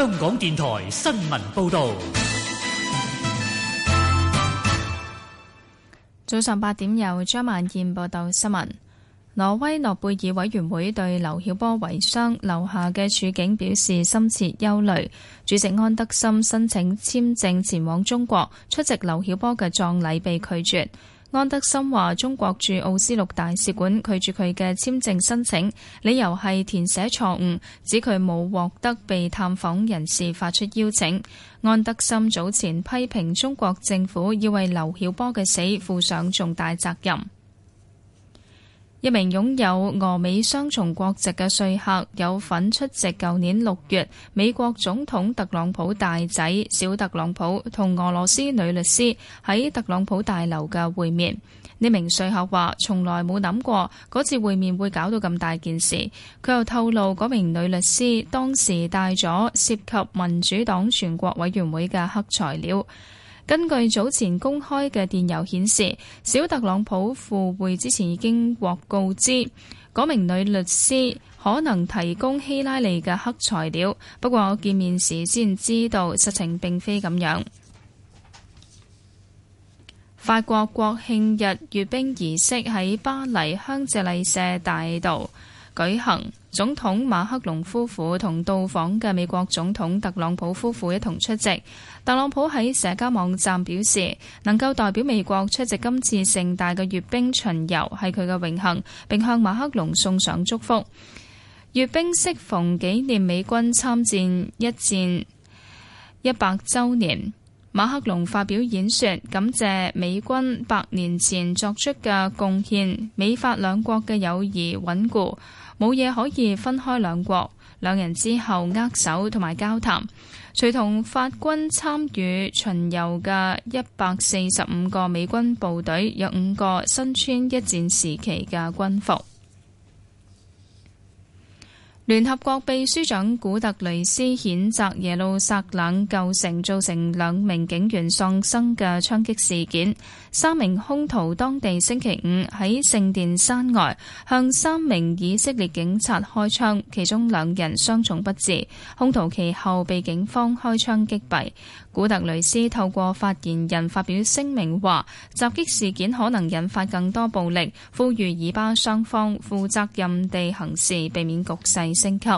香港電台新聞報道：早上八點，由張萬燕報道新聞。挪威諾貝爾委員會對劉曉波遺孀留下嘅處境表示深切憂慮。主席安德森申請簽證前往中國出席劉曉波嘅葬禮被拒絕。安德森話：中國駐奧斯陸大使館拒絕佢嘅簽證申請，理由係填寫錯誤，指佢冇獲得被探訪人士發出邀請。安德森早前批評中國政府要為劉曉波嘅死負上重大責任。一名擁有俄美雙重國籍嘅說客有份出席舊年六月美國總統特朗普大仔小特朗普同俄羅斯女律師喺特朗普大樓嘅會面。呢名說客話，從來冇諗過嗰次會面會搞到咁大件事。佢又透露，嗰名女律師當時帶咗涉及民主黨全國委員會嘅黑材料。根據早前公開嘅電郵顯示，小特朗普赴會之前已經獲告知，嗰名女律師可能提供希拉里嘅黑材料。不過我見面時先知道實情並非咁樣。法國國慶日閱兵儀式喺巴黎香榭麗舍大道舉行，總統馬克龍夫婦，同到訪嘅美國總統特朗普夫婦一同出席。特朗普喺社交網站表示，能夠代表美國出席今次盛大嘅閱兵巡遊係佢嘅榮幸，並向馬克龍送上祝福。閱兵適逢紀念美軍參戰一戰一百周年。馬克龍發表演說，感謝美軍百年前作出嘅貢獻，美法兩國嘅友誼穩固，冇嘢可以分開兩國。兩人之後握手同埋交談，隨同法軍參與巡遊嘅一百四十五個美軍部隊，有五個身穿一戰時期嘅軍服。聯合國秘書長古特雷斯譴責耶路撒冷舊城造成兩名警員喪生嘅槍擊事件。三名兇徒當地星期五喺聖殿山外向三名以色列警察開槍，其中兩人傷重不治，兇徒其後被警方開槍擊斃。古特雷斯透過發言人發表聲明，話襲擊事件可能引發更多暴力，呼籲以巴雙方負責任地行事，避免局勢升級。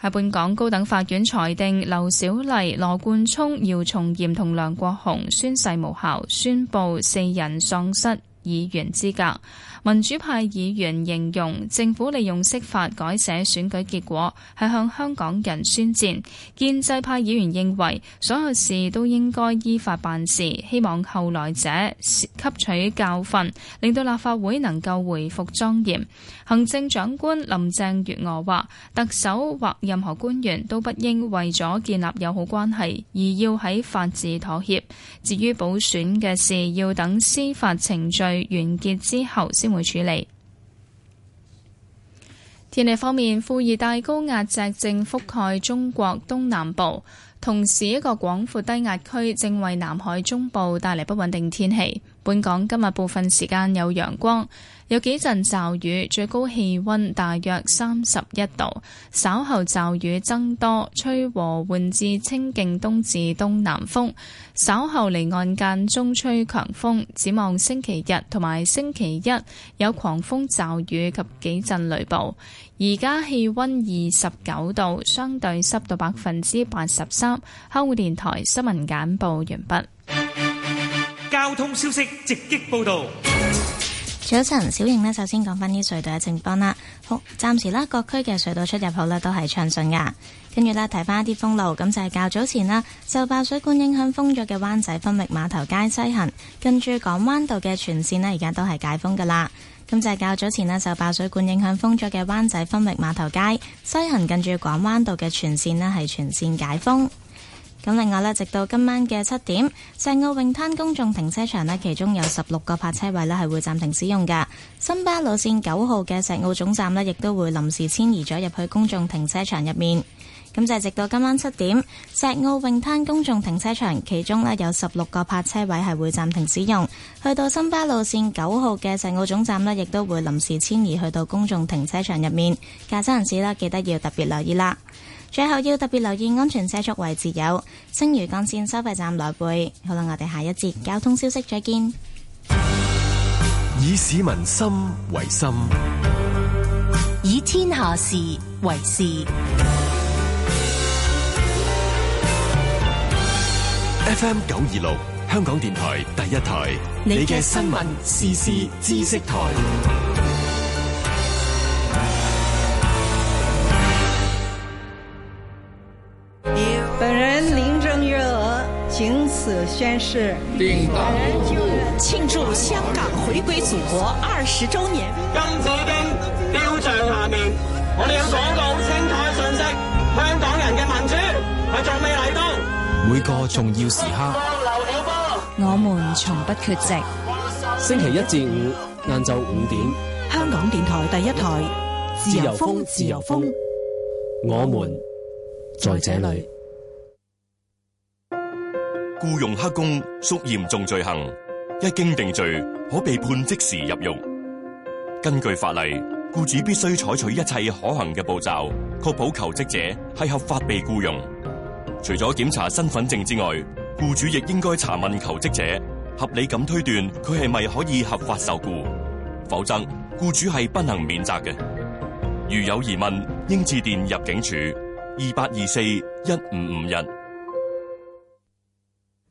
喺本港高等法院裁定，劉小麗、羅冠聰、姚松炎同梁國雄宣誓無效，宣布四人喪失議員資格。民主派議員形容政府利用釋法改寫選舉結果係向香港人宣戰。建制派議員認為所有事都應該依法辦事，希望後來者吸取教訓，令到立法會能夠回復莊嚴。行政長官林鄭月娥話特首或任何官員都不應為咗建立友好關係，而要喺法治妥協。至於補選嘅事，要等司法程序完結之後先。會處理。天氣方面，副熱帶高壓脊正覆蓋中國東南部，同時一個廣闊低壓區正為南海中部帶嚟不穩定天氣。本港今日部分時間有陽光，有幾陣驟雨，最高氣温大約三十一度。稍後驟雨增多，吹和緩至清勁東至東南風。稍後離岸間中吹強風。展望星期日同埋星期一有狂風驟雨及幾陣雷暴。而家氣温二十九度，相對濕度百分之八十三。香港電台新聞簡報完畢。交通消息直擊報道。早晨，小瑩呢，首先講翻啲隧道嘅情況啦。好，暫時咧，各區嘅隧道出入口呢，都係暢順噶。跟住咧，提翻一啲封路，咁就係較早前啦，受爆水管影響封咗嘅灣仔分域碼頭街西行，近住港灣道嘅全線呢，而家都係解封噶啦。咁就係較早前呢，受爆水管影響封咗嘅灣仔分域碼頭街西行，近住港灣道嘅全線呢，係全線解封。咁另外呢，直到今晚嘅七點，石澳泳灘公眾停車場呢，其中有十六個泊車位呢係會暫停使用㗎。新巴路線九號嘅石澳總站呢，亦都會臨時遷移咗入去公眾停車場入面。咁就係直到今晚七點，石澳泳灘公眾停車場其中呢有十六個泊車位係會暫停使用。去到新巴路線九號嘅石澳總站呢，亦都會臨時遷移去到公眾停車場入面。駕車人士呢，記得要特別留意啦。最後要特別留意安全車速位置由青嶼幹線收費站來回，好啦，我哋下一節交通消息再見。以市民心為心，以天下事為事。FM 九二六，香港電台第一台，你嘅新聞、時事、知識台。此宣誓，慶祝香港回歸祖國二十周年。金紫荊雕像下面，我哋要講到清楚嘅信息，香港人嘅民主，佢仲未嚟到。每個重要時刻，我們從不缺席。星期一至五晏晝五點，香港電台第一台，自由風，自由風，自由風，我們在這裏。僱用黑工屬嚴重罪行，一經定罪，可被判即時入獄。根據法例，僱主必須採取一切可行嘅步驟，確保求職者係合法被僱用。除咗檢查身份證之外，僱主亦應該查問求職者，合理咁推斷佢係咪可以合法受僱。否則，僱主係不能免責嘅。如有疑問，應致電入境處二八二四一五五一。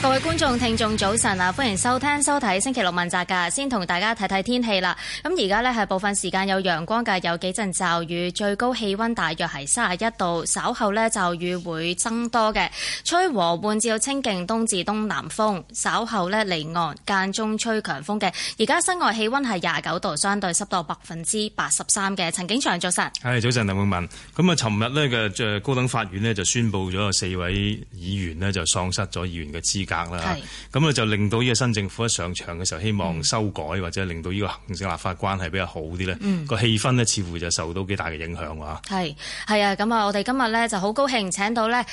各位觀眾、聽眾早晨啊，歡迎收聽、收睇星期六問責噶。先同大家睇睇天氣啦。咁而家呢，係部分時間有陽光嘅，有幾陣驟雨，最高氣溫大約係三十一度。稍後呢，驟雨會增多嘅，吹和緩至清勁東至東南風。稍後呢，離岸間中吹強風嘅。而家室外氣溫係廿九度，相對濕度百分之八十三嘅。陳景祥早晨。係早晨，林永文。咁啊，尋日呢嘅高等法院呢，就宣布咗四位議員呢，就喪失咗議員嘅資格啦，咁咧係就令到呢個新政府一上場嘅時候，希望修改、嗯、或者令到呢個行政立法關係比較好啲咧，個、嗯、氣氛咧似乎就受到幾大嘅影響喎嚇。係係啊，咁啊，我哋今日咧就好高興請到咧誒、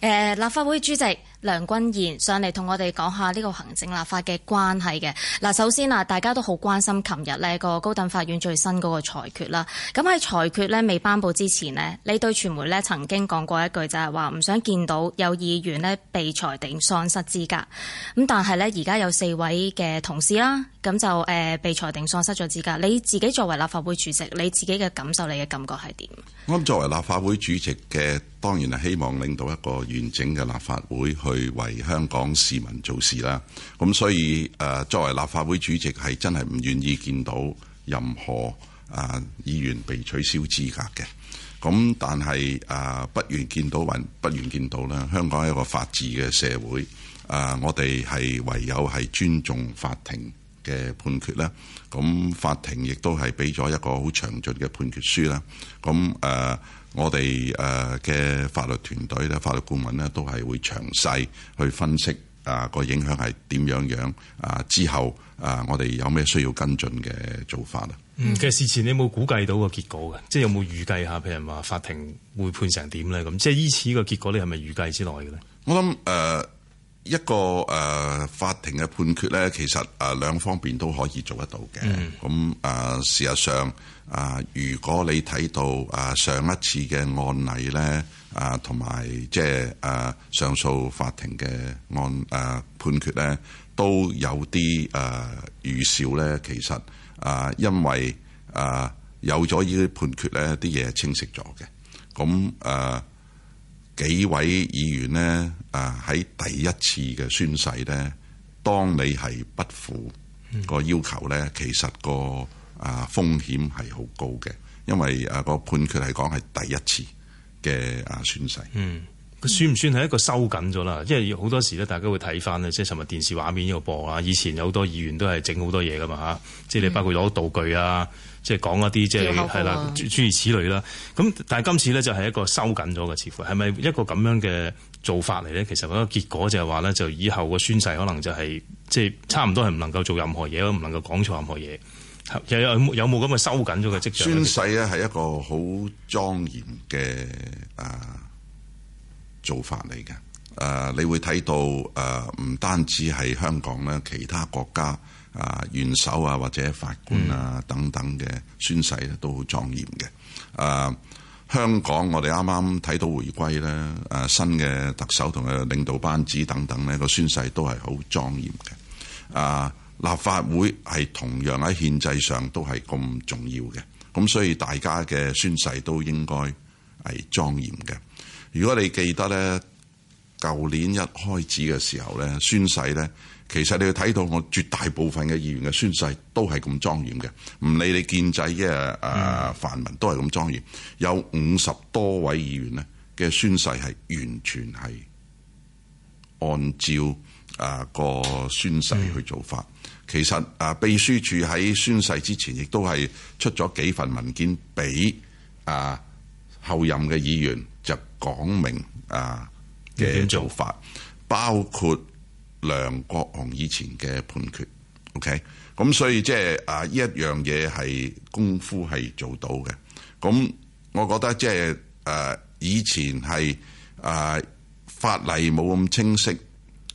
呃、立法會主席。梁君彥上嚟同我哋講下呢個行政立法嘅關係嘅。嗱，首先啊，大家都好關心琴日呢個高等法院最新嗰個裁決啦。咁喺裁決咧未頒布之前咧，你對傳媒咧曾經講過一句就係話唔想見到有議員咧被裁定喪失資格。咁但係咧而家有四位嘅同事啦，咁就誒被裁定喪失咗資格。你自己作為立法會主席，你自己嘅感受，你嘅感覺係點？我諗作為立法會主席嘅，當然係希望令到一個完整嘅立法會去。去為香港市民做事啦，咁所以誒、呃、作為立法會主席係真係唔願意見到任何誒、呃、議員被取消資格嘅，咁但係誒、呃、不願見到或不願見到啦。香港係一個法治嘅社會誒、呃、我哋係唯有係尊重法庭嘅判決啦。咁、呃、法庭亦都係俾咗一個好詳盡嘅判決書啦。咁、呃、誒。我哋誒嘅法律團隊咧、法律顧問咧，都係會詳細去分析啊，個影響係點樣樣啊，之後啊，我哋有咩需要跟進嘅做法啦。嗯，其實事前你有冇估計到個結果嘅？即係有冇預計下？譬如話法庭會判成點咧？咁即係依此個結果，你係咪預計之內嘅咧？我諗誒。呃一個誒、呃、法庭嘅判決咧，其實誒、呃、兩方面都可以做得到嘅。咁誒、mm. 呃、事實上，誒、呃、如果你睇到誒、呃、上一次嘅案例咧，誒同埋即係誒上訴法庭嘅案誒、呃、判決咧，都有啲誒預兆咧。其實誒、呃、因為誒、呃、有咗呢啲判決咧，啲嘢清晰咗嘅。咁誒。呃幾位議員咧，啊喺第一次嘅宣誓咧，當你係不符個要求咧，其實個啊風險係好高嘅，因為啊個判決嚟講係第一次嘅啊宣誓。嗯，佢算唔算係一個收緊咗啦？因為好多時咧，大家會睇翻咧，即係尋日電視畫面呢度播啊，以前有好多議員都係整好多嘢噶嘛嚇，即係你包括攞道具、嗯、啊。即係講一啲即係係啦，諸如、啊、此類啦。咁但係今次咧就係一個收緊咗嘅似乎係咪一個咁樣嘅做法嚟咧？其實嗰個結果就係話咧，就以後個宣誓可能就係即係差唔多係唔能夠做任何嘢囉，唔能夠講錯任何嘢。又有有冇咁嘅收緊咗嘅跡象呢？宣誓咧係一個好莊嚴嘅誒、呃、做法嚟嘅。誒、呃，你會睇到誒，唔、呃、單止係香港咧，其他國家。啊，元首啊，或者法官啊，等等嘅宣誓咧，都好莊嚴嘅。啊，香港我哋啱啱睇到回歸咧，啊新嘅特首同埋領導班子等等咧，個宣誓都係好莊嚴嘅。啊，立法會係同樣喺憲制上都係咁重要嘅，咁所以大家嘅宣誓都應該係莊嚴嘅。如果你記得咧，舊年一開始嘅時候咧，宣誓咧。其實你要睇到我絕大部分嘅議員嘅宣誓都係咁莊嚴嘅，唔理你建制嘅誒泛民都係咁莊嚴。有五十多位議員咧嘅宣誓係完全係按照誒、啊、個宣誓去做法。嗯、其實誒秘書處喺宣誓之前亦都係出咗幾份文件俾誒候任嘅議員就，就講明誒嘅做法，包括梁國雄以前嘅判決，OK，咁所以即係啊，呢一樣嘢係功夫係做到嘅。咁我覺得即係誒以前係誒法例冇咁清晰，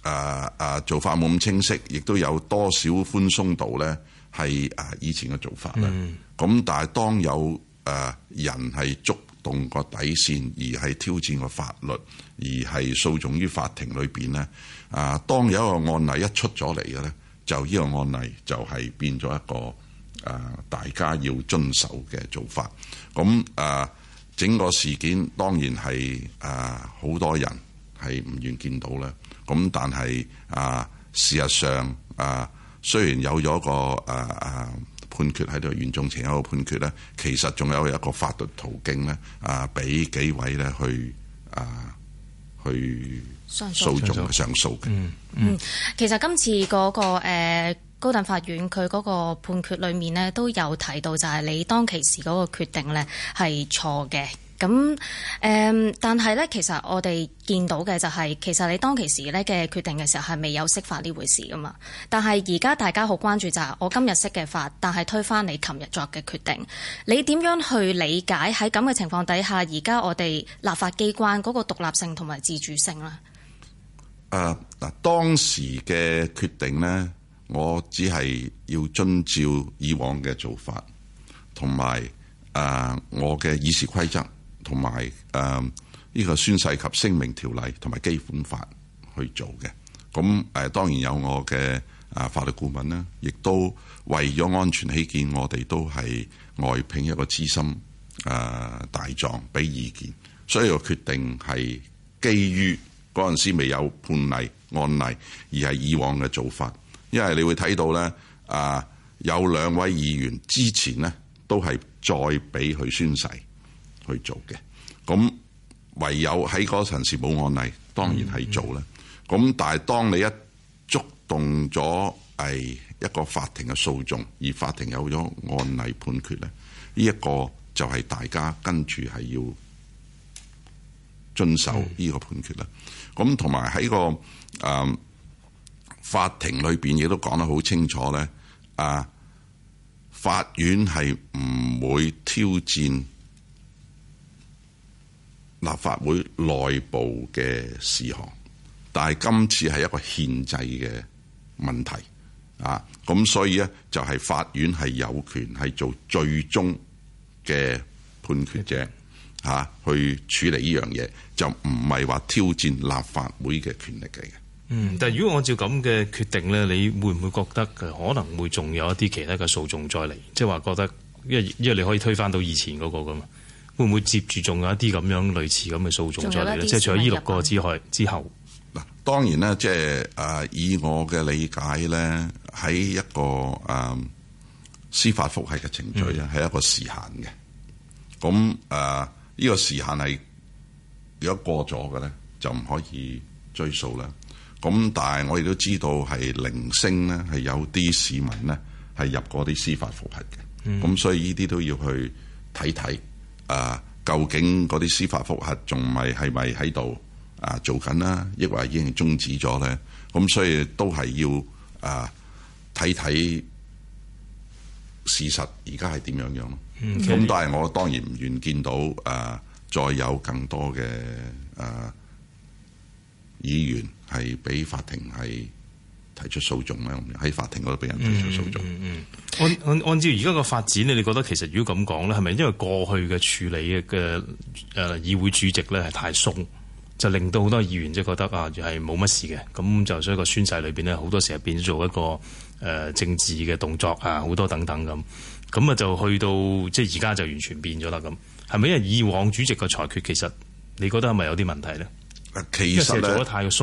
誒誒做法冇咁清晰，亦都有多少寬鬆度咧，係啊以前嘅做法啦。咁、mm. 但係當有誒人係捉。動個底線，而係挑戰個法律，而係訴訟於法庭裏邊呢啊，當有一個案例一出咗嚟嘅呢，就呢個案例就係變咗一個啊，大家要遵守嘅做法。咁啊，整個事件當然係啊，好多人係唔願見到咧。咁、啊、但係啊，事實上啊，雖然有咗個啊啊。啊判決喺度，嚴重前一個判決呢，其實仲有一個法律途徑呢，啊，俾幾位呢去啊去訴訟上訴嘅。嗯訴訴嗯，嗯其實今次嗰、那個、呃、高等法院佢嗰個判決裡面呢，都有提到，就係你當其時嗰個決定呢，係錯嘅。咁誒、嗯，但係咧，其實我哋見到嘅就係、是、其實你當其時咧嘅決定嘅時候係未有釋法呢回事噶嘛。但係而家大家好關注就係我今日釋嘅法，但係推翻你琴日作嘅決定，你點樣去理解喺咁嘅情況底下？而家我哋立法機關嗰個獨立性同埋自主性呢？誒嗱、呃，當時嘅決定呢，我只係要遵照以往嘅做法，同埋誒我嘅議事規則。同埋誒呢個宣誓及聲明條例同埋基本法去做嘅，咁誒當然有我嘅誒法律顧問啦，亦都為咗安全起見，我哋都係外聘一個資深誒大狀俾意見，所以我決定係基於嗰陣時未有判例案例，而係以往嘅做法，因為你會睇到呢，誒有兩位議員之前呢，都係再俾佢宣誓。去做嘅，咁唯有喺嗰陣時冇案例，當然係做啦。咁、嗯嗯、但係當你一觸動咗係一個法庭嘅訴訟，而法庭有咗案例判決呢，呢、這、一個就係大家跟住係要遵守呢個判決啦。咁同埋喺個誒、呃、法庭裏邊，亦都講得好清楚呢，啊、呃，法院係唔會挑戰立法會內部嘅事項，但係今次係一個憲制嘅問題啊，咁所以咧、啊、就係、是、法院係有權係做最終嘅判決者嚇、啊，去處理呢樣嘢就唔係話挑戰立法會嘅權力嚟嘅。嗯，但係如果按照咁嘅決定咧，你會唔會覺得可能會仲有一啲其他嘅訴訟再嚟？即係話覺得，因為因為你可以推翻到以前嗰、那個噶嘛。會唔會接住仲有一啲咁樣類似咁嘅訴訟出嚟咧？即係除咗依六個之外入之後嗱，當然啦，即係誒、呃，以我嘅理解咧，喺一個誒、呃、司法復核嘅程序咧，係一個時限嘅。咁誒、嗯、呢、嗯呃這個時限係如果過咗嘅咧，就唔可以追訴啦。咁但係我亦都知道係零星咧，係有啲市民咧係入過啲司法復核嘅。咁、嗯、所以呢啲都要去睇睇。啊，究竟嗰啲司法覆核仲咪係咪喺度啊做緊啦，抑或已經終止咗咧？咁所以都係要啊睇睇事實，而家係點樣樣咯？咁、嗯、但係我當然唔願見到啊，再有更多嘅啊議員係俾法庭係，提出訴訟咧，喺法庭嗰度畀人提出訴訟。嗯嗯嗯、按按按照而家個發展，你覺得其實如果咁講咧，係咪因為過去嘅處理嘅誒議會主席咧係太鬆，就令到好多議員即係覺得啊，係冇乜事嘅，咁就所以個宣誓裏邊咧好多時候變咗做一個誒政治嘅動作啊，好多等等咁，咁啊就去到即係而家就完全變咗啦咁，係咪因為以往主席嘅裁決其實你覺得係咪有啲問題咧？其實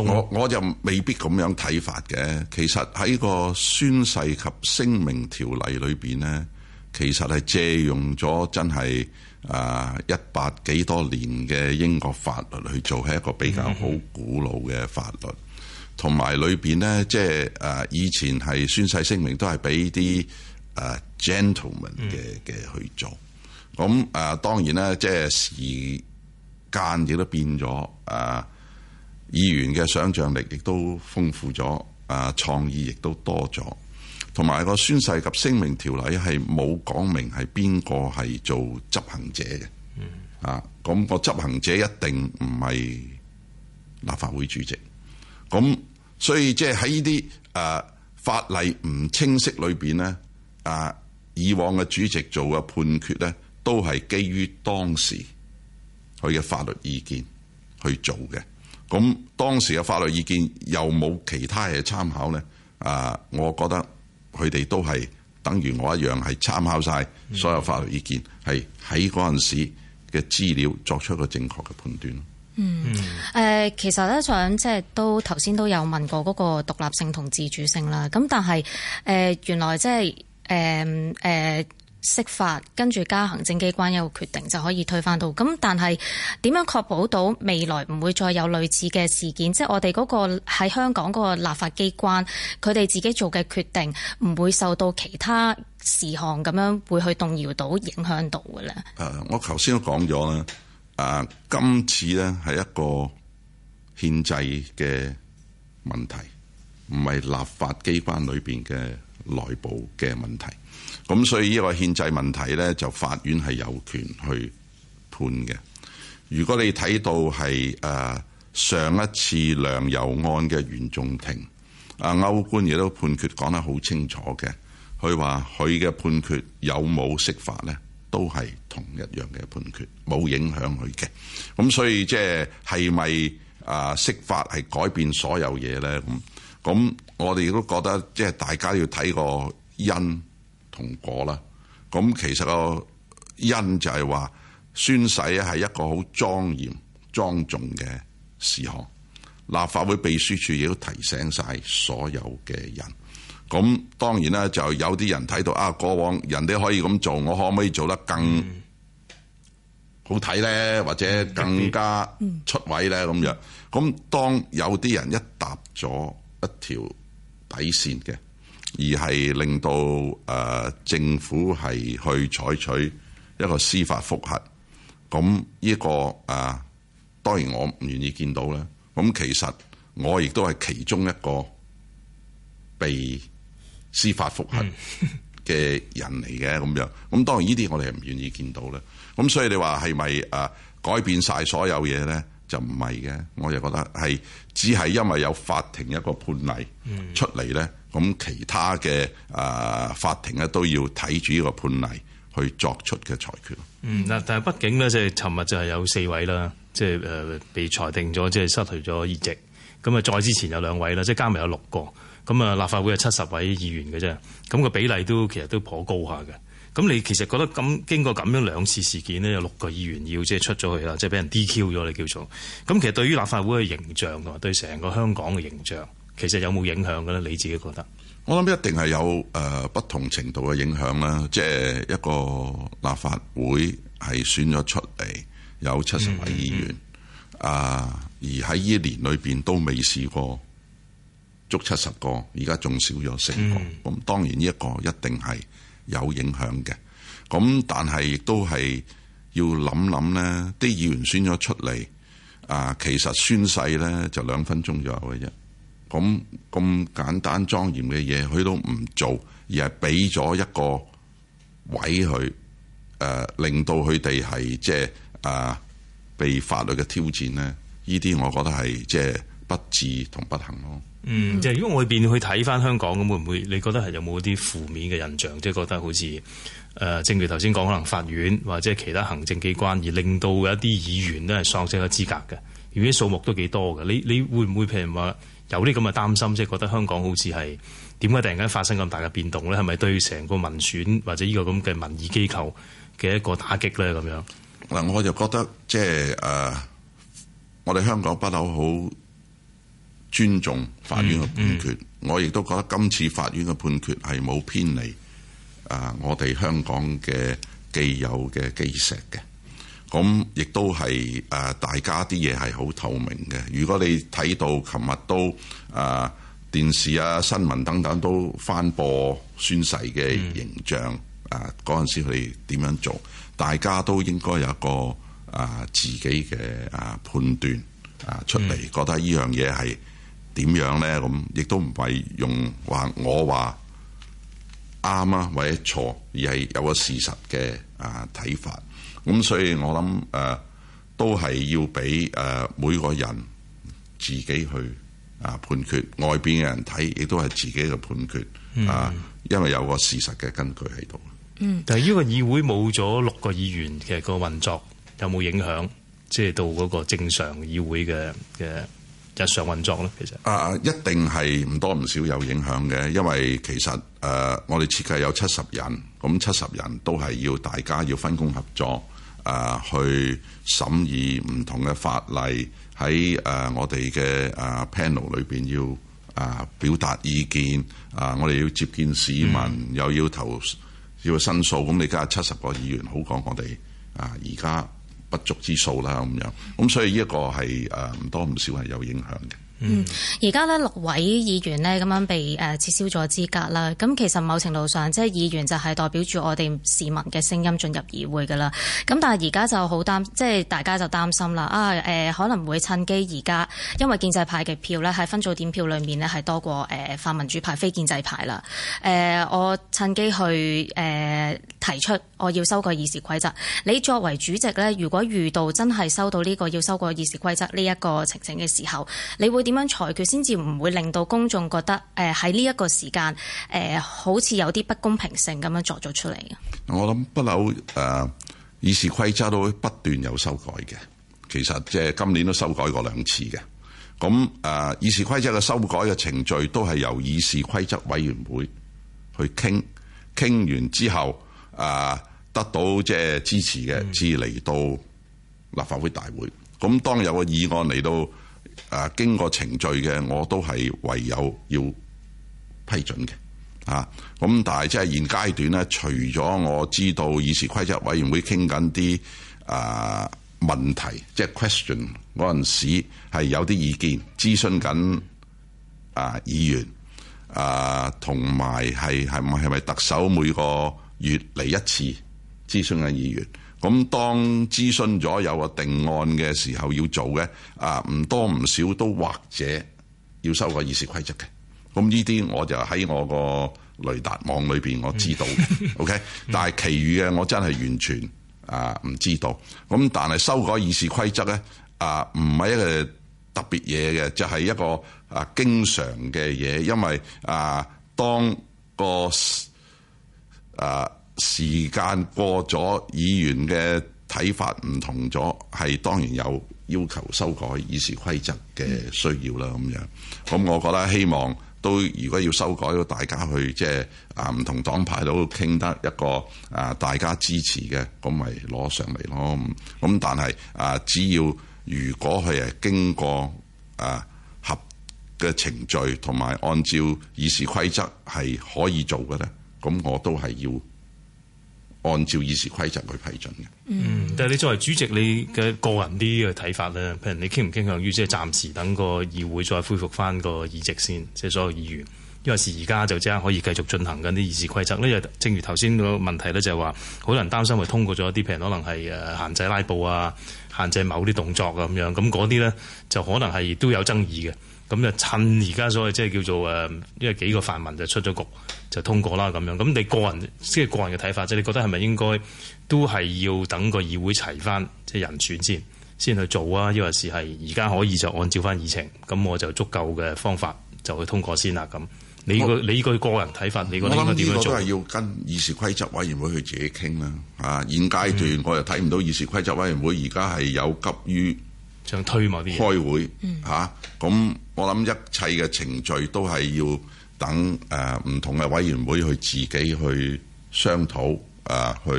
我我我就未必咁樣睇法嘅。其實喺個宣誓及聲明條例裏邊咧，其實係借用咗真係啊一百幾多年嘅英國法律去做，係一個比較好古老嘅法律。同埋裏邊咧，即係啊以前係宣誓聲明都係俾啲啊 gentleman 嘅嘅去做。咁啊、mm hmm. 當然咧，即係時間亦都變咗啊。議員嘅想像力亦都豐富咗，啊，創意亦都多咗，同埋個宣誓及聲明條例係冇講明係邊個係做執行者嘅，啊，咁個執行者一定唔係立法會主席，咁、啊、所以即係喺呢啲誒法例唔清晰裏邊呢，啊，以往嘅主席做嘅判決呢，都係基於當時佢嘅法律意見去做嘅。咁當時嘅法律意見又冇其他嘅參考呢？啊，我覺得佢哋都係等於我一樣係參考晒所有法律意見，係喺嗰陣時嘅資料作出一個正確嘅判斷。嗯，誒、呃，其實咧想即係都頭先都有問過嗰個獨立性同自主性啦，咁但係誒、呃、原來即係誒誒。呃呃釋法跟住加行政機關一個決定就可以推翻到。咁但係點樣確保到未來唔會再有類似嘅事件？即係我哋嗰個喺香港嗰個立法機關，佢哋自己做嘅決定唔會受到其他事項咁樣會去動搖到影響到嘅呢？誒、啊，我頭先都講咗啦。誒、啊，今次呢係一個憲制嘅問題，唔係立法機關裏邊嘅內部嘅問題。咁所以呢個憲制問題呢，就法院係有權去判嘅。如果你睇到係誒、呃、上一次梁游案嘅原訟庭啊，歐、呃、官亦都判決講得好清楚嘅，佢話，佢嘅判決有冇釋法呢？都係同一樣嘅判決，冇影響佢嘅。咁所以即係，係咪誒釋法係改變所有嘢呢？咁咁我哋亦都覺得即係大家要睇個因。同果啦，咁其實個因就係話宣誓啊，係一個好莊嚴、莊重嘅事項。立法會秘書處亦都提醒晒所有嘅人。咁當然啦，就有啲人睇到啊，過往人哋可以咁做，我可唔可以做得更好睇呢？或者更加出位呢？咁樣咁，當有啲人一踏咗一條底線嘅。而係令到誒、呃、政府係去採取一個司法復核，咁呢、呢個誒、呃、當然我唔願意見到啦。咁其實我亦都係其中一個被司法復核嘅人嚟嘅，咁樣。咁當然呢啲我哋係唔願意見到啦。咁所以你話係咪誒改變晒所有嘢咧？就唔係嘅，我就覺得係只係因為有法庭一個判例出嚟咧，咁、嗯、其他嘅啊、呃、法庭咧都要睇住呢個判例去作出嘅裁決。嗯，嗱，但係畢竟咧，即係尋日就係有四位啦，即係誒被裁定咗，即係失去咗議席。咁啊，再之前有兩位啦，即係加埋有六個。咁啊，立法會有七十位議員嘅啫，咁個比例都其實都頗高下嘅。咁你其實覺得咁經過咁樣兩次事件咧，有六個議員要即係出咗去啦，即係俾人 DQ 咗你叫做。咁其實對於立法會嘅形象同埋對成個香港嘅形象，其實有冇影響嘅咧，你自己覺得？我諗一定係有誒、呃、不同程度嘅影響啦。即係一個立法會係選咗出嚟，有七十位議員啊、嗯嗯呃，而喺呢一年裏邊都未試過捉七十個，而家仲少咗成個。咁、嗯、當然呢一個一定係有影響嘅，咁但係亦都係要諗諗呢啲議員選咗出嚟啊，其實宣誓呢就兩分鐘左右嘅啫，咁咁簡單莊嚴嘅嘢，佢都唔做，而係俾咗一個位佢，誒、呃、令到佢哋係即係啊被法律嘅挑戰呢，依啲我覺得係即係不智同不幸咯。嗯，即係如果外邊去睇翻香港咁，會唔會你覺得係有冇啲負面嘅印象？即係覺得好似誒，正如頭先講，可能法院或者其他行政機關，而令到一啲議員都係喪失咗資格嘅，如果啲數目都幾多嘅，你你會唔會譬如話有啲咁嘅擔心？即係覺得香港好似係點解突然間發生咁大嘅變動咧？係咪對成個民選或者呢個咁嘅民意機構嘅一個打擊咧？咁樣嗱，我就覺得即係誒，我哋香港不嬲好。尊重法院嘅判決，嗯嗯、我亦都覺得今次法院嘅判決係冇偏離啊！我哋香港嘅既有嘅基石嘅，咁亦都係啊，大家啲嘢係好透明嘅。如果你睇到琴日都啊電視啊新聞等等都翻播宣誓嘅形象、嗯、啊，嗰陣時佢哋點樣做，大家都應該有一個啊自己嘅啊判斷啊出嚟，嗯、覺得呢樣嘢係。點樣咧？咁亦都唔係用話我話啱啊，或者錯，而係有個事實嘅啊睇法。咁所以我諗誒、呃、都係要俾誒每個人自己去啊判決。外邊嘅人睇，亦都係自己嘅判決啊、呃，因為有個事實嘅根據喺度、嗯。嗯，但係呢個議會冇咗六個議員，其實個運作有冇影響？即、就、係、是、到嗰個正常議會嘅嘅，日常運作咧，其實啊，一定係唔多唔少有影響嘅，因為其實誒、呃，我哋設計有七十人，咁七十人都係要大家要分工合作，誒、呃、去審議唔同嘅法例，喺誒、呃、我哋嘅誒 panel 裏邊要誒表達意見，啊、呃，我哋要接見市民，嗯、又要投要申訴，咁你家下七十個議員好過，好過我哋啊，而家。不足之數啦，咁樣咁所以呢，一個係誒唔多唔少係有影響嘅。嗯，而家咧六位議員咧咁樣被誒撤銷咗資格啦。咁其實某程度上，即係議員就係代表住我哋市民嘅聲音進入議會噶啦。咁但係而家就好擔心，即係大家就擔心啦。啊誒、呃，可能會趁機而家，因為建制派嘅票咧喺分組點票裏面咧係多過誒泛民主派、非建制派啦。誒、呃，我趁機去誒、呃、提出我要修改議事規則。你作為主席咧，如果遇到真係收到呢個要修改議事規則呢一個情形嘅時候，你會點樣裁決先至唔會令到公眾覺得誒，喺呢一個時間誒、呃、好似有啲不公平性咁樣作咗出嚟嘅？我諗不嬲誒，議事規則都會不斷有修改嘅。其實即係今年都修改過兩次嘅。咁誒、呃，議事規則嘅修改嘅程序都係由議事規則委員會去傾，傾完之後誒、呃、得到即係支持嘅，至嚟到立法會大會。咁當有個議案嚟到。啊，經過程序嘅我都係唯有要批准嘅，啊，咁但係即係現階段咧，除咗我知道議事規則委員會傾緊啲啊問題，即係 question 嗰陣時係有啲意見諮詢緊啊議員啊，同埋係係唔係係咪特首每個月嚟一次諮詢緊議員？咁當諮詢咗有個定案嘅時候要做嘅，啊唔多唔少都或者要修改議事規則嘅。咁呢啲我就喺我個雷達網裏邊，我知道 ，OK。但係其餘嘅我真係完全啊唔知道。咁、啊、但係修改議事規則呢，啊唔係一個特別嘢嘅，就係、係、一個啊經常嘅嘢，因為啊當個啊，時間過咗，議員嘅睇法唔同咗，係當然有要求修改議事規則嘅需要啦。咁樣咁，我覺得希望都如果要修改，到大家去即係啊唔同黨派都傾得一個啊，大家支持嘅咁咪攞上嚟咯。咁但係啊，只要如果佢係經過啊合嘅程序，同埋按照議事規則係可以做嘅咧，咁我都係要。按照議事規則去批准嘅。嗯，但係你作為主席，你嘅個人啲嘅睇法咧，譬如你傾唔傾向於即係暫時等個議會再恢復返個議席先，即係所有議員，因為是而家就即刻可以繼續進行緊啲議事規則。因為正如頭先個問題咧，就係話好多人擔心會通過咗一啲譬如可能係誒限制拉布啊、限制某啲動作咁樣，咁嗰啲咧就可能係都有爭議嘅。咁就趁而家所謂即係叫做誒，因為幾個泛民就出咗局就通過啦咁樣。咁你個人即係個人嘅睇法，即係你覺得係咪應該都係要等個議會齊翻即係人選先先去做啊？亦或者是係而家可以就按照翻議程，咁我就足夠嘅方法就去通過先啦。咁你、個我你個個人睇法，你覺得你應該點樣做？我，我都係要跟議事規則委員會去自己傾啦。啊，現階段我又睇唔到議事規則委員會而家係有急於。想推埋啲開會吓，咁、嗯啊、我諗一切嘅程序都係要等誒唔同嘅委員會去自己去商討啊，去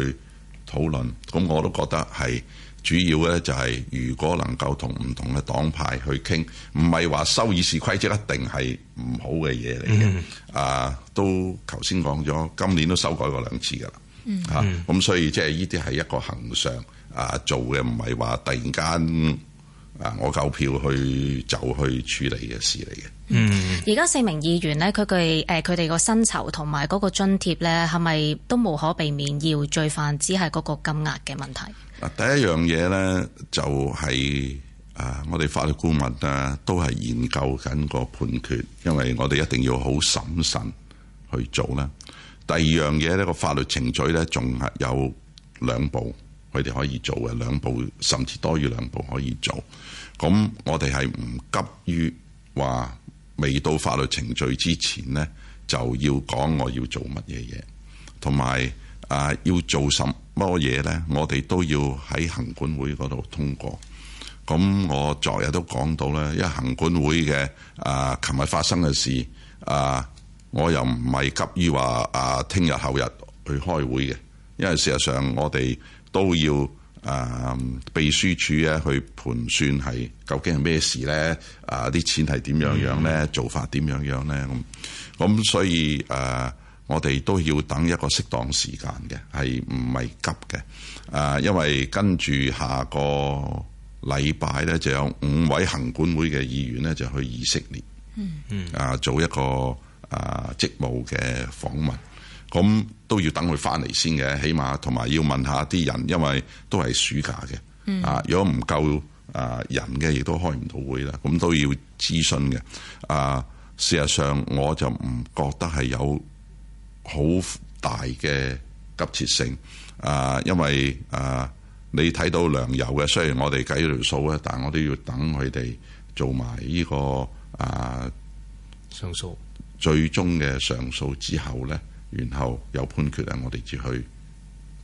討論，咁我都覺得係主要咧就係如果能夠同唔同嘅黨派去傾，唔係話修議事規則一定係唔好嘅嘢嚟嘅。嗯、啊，都頭先講咗，今年都修改過兩次噶啦。吓、嗯啊，咁所以即係呢啲係一個恆常啊做嘅，唔係話突然間。啊！我購票去就去處理嘅事嚟嘅。嗯，而家四名議員呢，佢佢誒佢哋個薪酬同埋嗰個津貼呢，係咪都無可避免要罪犯？只係嗰個金額嘅問題。第一樣嘢呢，就係啊，我哋法律顧問啊都係研究緊個判決，因為我哋一定要好審慎去做啦。第二樣嘢呢，個法律程序呢，仲係有兩步。佢哋可以做嘅兩步，甚至多於兩步可以做。咁我哋係唔急於話未到法律程序之前呢，就要講我要做乜嘢嘢，同埋啊要做乜嘢嘢、啊、呢？我哋都要喺行管會嗰度通過。咁我昨日都講到咧，因為行管會嘅啊，琴日發生嘅事啊，我又唔係急於話啊，聽日後日去開會嘅，因為事實上我哋。都要啊、呃，秘書處咧去盤算係究竟係咩事呢？啊、呃，啲錢係點樣樣呢？做法點樣樣呢？咁咁所以啊、呃，我哋都要等一個適當時間嘅，係唔係急嘅？啊、呃，因為跟住下個禮拜呢，就有五位行管會嘅議員呢，就去以色列，嗯啊、呃、做一個啊職務嘅訪問，咁、呃。都要等佢翻嚟先嘅，起碼同埋要問一下啲人，因為都係暑假嘅。嗯、啊，如果唔夠啊人嘅，亦都開唔到會啦。咁都要諮詢嘅。啊，事實上我就唔覺得係有好大嘅急切性。啊，因為啊，你睇到梁游嘅，雖然我哋計咗條數咧，但我都要等佢哋做埋呢個啊上訴，最終嘅上訴之後咧，然後有判決啊，我哋就去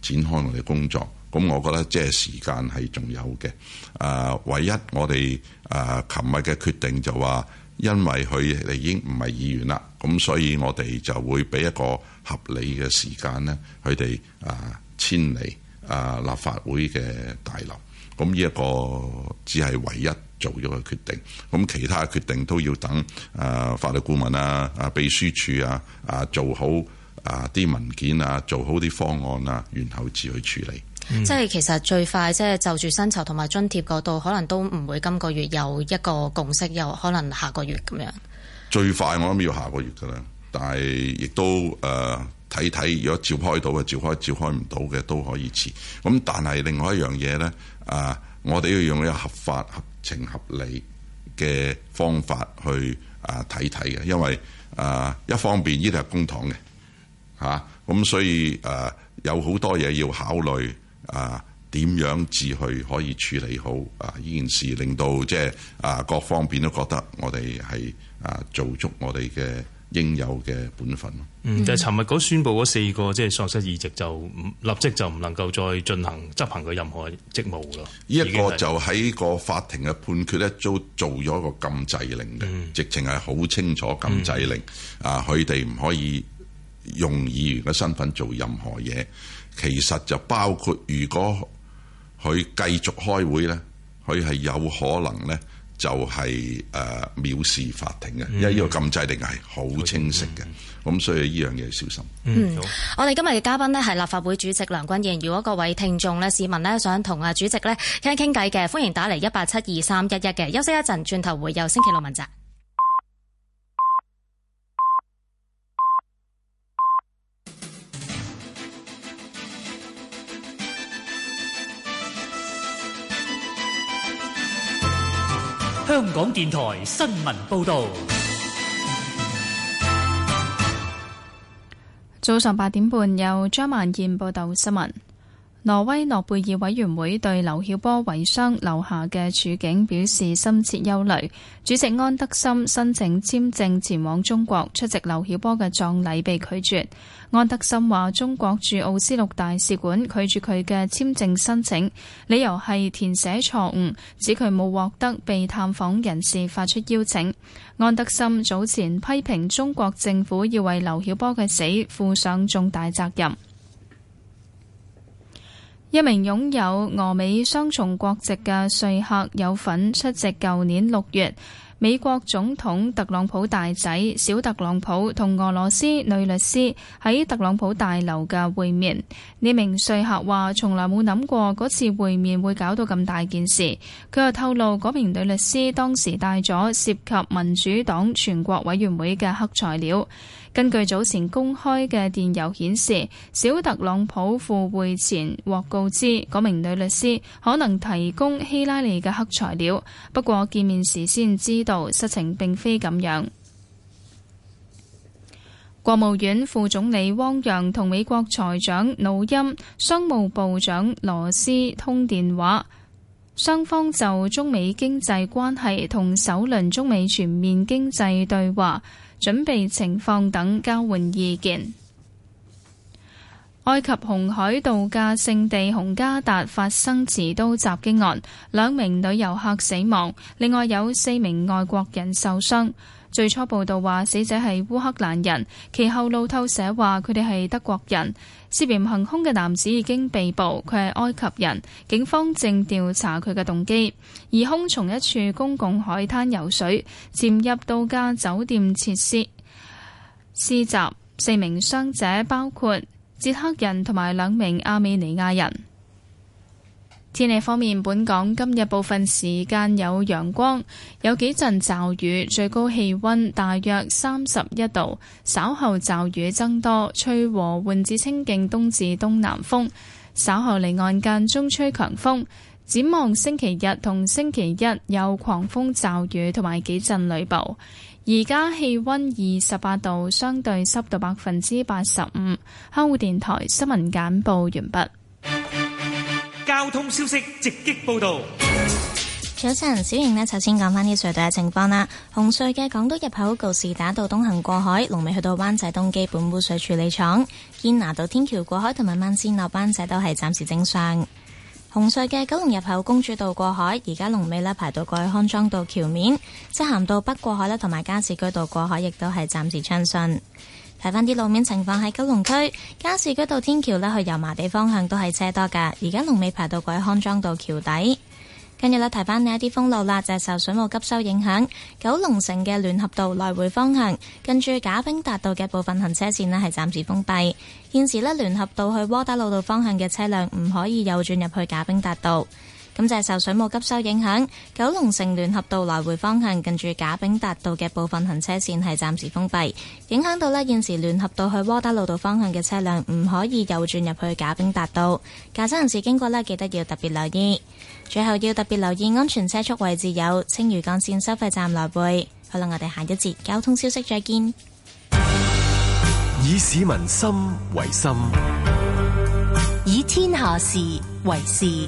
展開我哋工作。咁我覺得即係時間係仲有嘅。誒、呃，唯一我哋誒琴日嘅決定就話，因為佢哋已經唔係議員啦，咁所以我哋就會俾一個合理嘅時間呢，佢哋誒遷離誒立法會嘅大樓。咁呢一個只係唯一做咗嘅決定。咁其他決定都要等誒、呃、法律顧問啊、啊秘書處啊、啊做好。啊！啲文件啊，做好啲方案啊，然後至去處理。嗯、即係其實最快，即、就、係、是、就住薪酬同埋津貼嗰度，可能都唔會今個月有一個共識，有可能下個月咁樣最快。我諗要下個月噶啦，但係亦都誒睇睇，如果召開到嘅召開召開唔到嘅都可以遲。咁、嗯、但係另外一樣嘢咧，啊，我哋要用一個合法、合情、合理嘅方法去啊睇睇嘅，因為啊一方面呢啲係公堂嘅。嚇！咁、啊、所以誒，有好多嘢要考慮，啊，點、啊、樣至去可以處理好啊？呢件事令到即係啊，各方面都覺得我哋係啊，做足我哋嘅應有嘅本分咯。嗯，就係、是、尋日嗰宣布嗰四個即係喪失議席，就立即就唔能夠再進行執行嘅任何職務咯。呢這個 一個就喺個法庭嘅判決咧，都做咗一個禁制令嘅，嗯、直情係好清楚禁制令啊！佢哋唔可以。用議員嘅身份做任何嘢，其實就包括如果佢繼續開會呢，佢係有可能呢、就係，就係誒藐視法庭嘅，因為呢個禁制令係好清晰嘅，咁、嗯、所以呢樣嘢小心。嗯，好。我哋今日嘅嘉賓呢係立法會主席梁君彥。如果各位聽眾呢，市民呢，想同啊主席呢傾傾偈嘅，歡迎打嚟一八七二三一一嘅。休息一陣，轉頭會有星期六問責。香港電台新聞報道。早上八點半，由張曼燕報道新聞。挪威諾貝爾委員會對劉曉波遺孀留下嘅處境表示深切憂慮。主席安德森申請簽證前往中國出席劉曉波嘅葬禮被拒絕。安德森話：中國駐奧斯陸大使館拒絕佢嘅簽證申請，理由係填寫錯誤，指佢冇獲得被探訪人士發出邀請。安德森早前批評中國政府要為劉曉波嘅死負上重大責任。一名擁有俄美雙重國籍嘅說客有份出席舊年六月美國總統特朗普大仔小特朗普同俄羅斯女律師喺特朗普大樓嘅會面。呢名說客話：從來冇諗過嗰次會面會搞到咁大件事。佢又透露，嗰名女律師當時帶咗涉及民主黨全國委員會嘅黑材料。根據早前公開嘅電郵顯示，小特朗普赴會前獲告知嗰名女律師可能提供希拉里嘅黑材料，不過見面時先知道實情並非咁樣。國務院副總理汪洋同美國財長魯欽、商務部長羅斯通電話，雙方就中美經濟關係同首輪中美全面經濟對話準備情況等交換意見。埃及紅海度假勝地洪加達發生持刀襲擊案，兩名女遊客死亡，另外有四名外國人受傷。最初報道話死者係烏克蘭人，其後路透社話佢哋係德國人。涉嫌行兇嘅男子已經被捕，佢係埃及人，警方正調查佢嘅動機。疑兇從一處公共海灘游水，潛入度假酒店設施。施襲四名傷者，包括捷克人同埋兩名亞美尼亞人。天氣方面，本港今日部分時間有陽光，有幾陣驟雨，最高氣溫大約三十一度。稍後驟雨增多，吹和緩至清勁東至東南風。稍後離岸間中吹強風。展望星期日同星期一有狂風驟雨同埋幾陣雷暴。而家氣溫二十八度，相對濕度百分之八十五。香港電台新聞簡報完畢。交通消息直擊報道。早晨，小瑩呢，首先講翻啲隧道嘅情況啦。紅隧嘅港島入口告士打道東行過海，龍尾去到灣仔東基本污水處理廠；堅拿道天橋過海同埋慢線落灣仔都係暫時正常。紅隧嘅九龍入口公主道過海，而家龍尾呢排到過去康莊道橋面；漆咸道北過海咧同埋加士居道過海，亦都係暫時暢順。睇翻啲路面情況，喺九龍區加士居道天橋呢，去油麻地方向都係車多噶而家龍尾排到鬼康莊道橋底。今日呢，提翻呢一啲封路啦，就係受水務急修影響，九龍城嘅聯合道來回方向，跟住賈冰達道嘅部分行車線呢係暫時封閉。現時呢，聯合道去窩打老道方向嘅車輛唔可以右轉入去賈冰達道。咁就係受水務急修影響，九龍城聯合道來回方向近住賈炳達道嘅部分行車線係暫時封閉，影響到呢，現時聯合道去窩打老道方向嘅車輛唔可以右轉入去賈炳達道，駕車人士經過呢，記得要特別留意。最後要特別留意安全車速位置有青嶼幹線收費站來回。好啦，我哋下一節交通消息再見。以市民心為心，以天下事為事。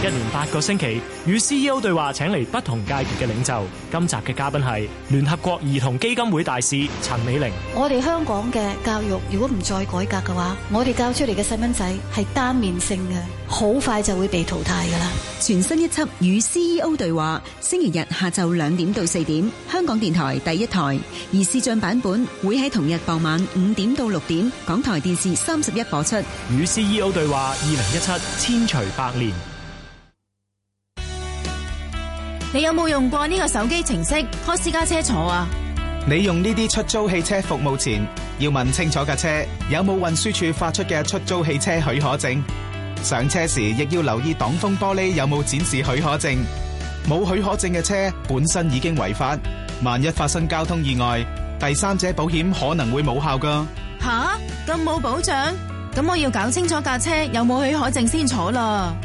一年八個星期與 CEO 對話，請嚟不同界別嘅領袖。今集嘅嘉賓係聯合國兒童基金會大使陳美玲。我哋香港嘅教育如果唔再改革嘅話，我哋教出嚟嘅細蚊仔係單面性嘅，好快就會被淘汰噶啦。全新一輯《與 CEO 對話》，星期日下晝兩點到四點，香港電台第一台；而視像版本會喺同日傍晚五點到六點，港台電視三十一播出。與 CEO 對話二零一七，2017, 千錘百煉。你有冇用過呢個手機程式，開私家車坐啊？你用呢啲出租汽車服務前，要問清楚架車有冇運輸署發出嘅出租汽車許可證。上車時亦要留意擋風玻璃有冇展示許可證。冇許可證嘅車本身已經違法，萬一發生交通意外，第三者保險可能會冇效㗎。吓、啊，咁冇保障，咁我要搞清楚架車有冇許可證先坐啦、啊。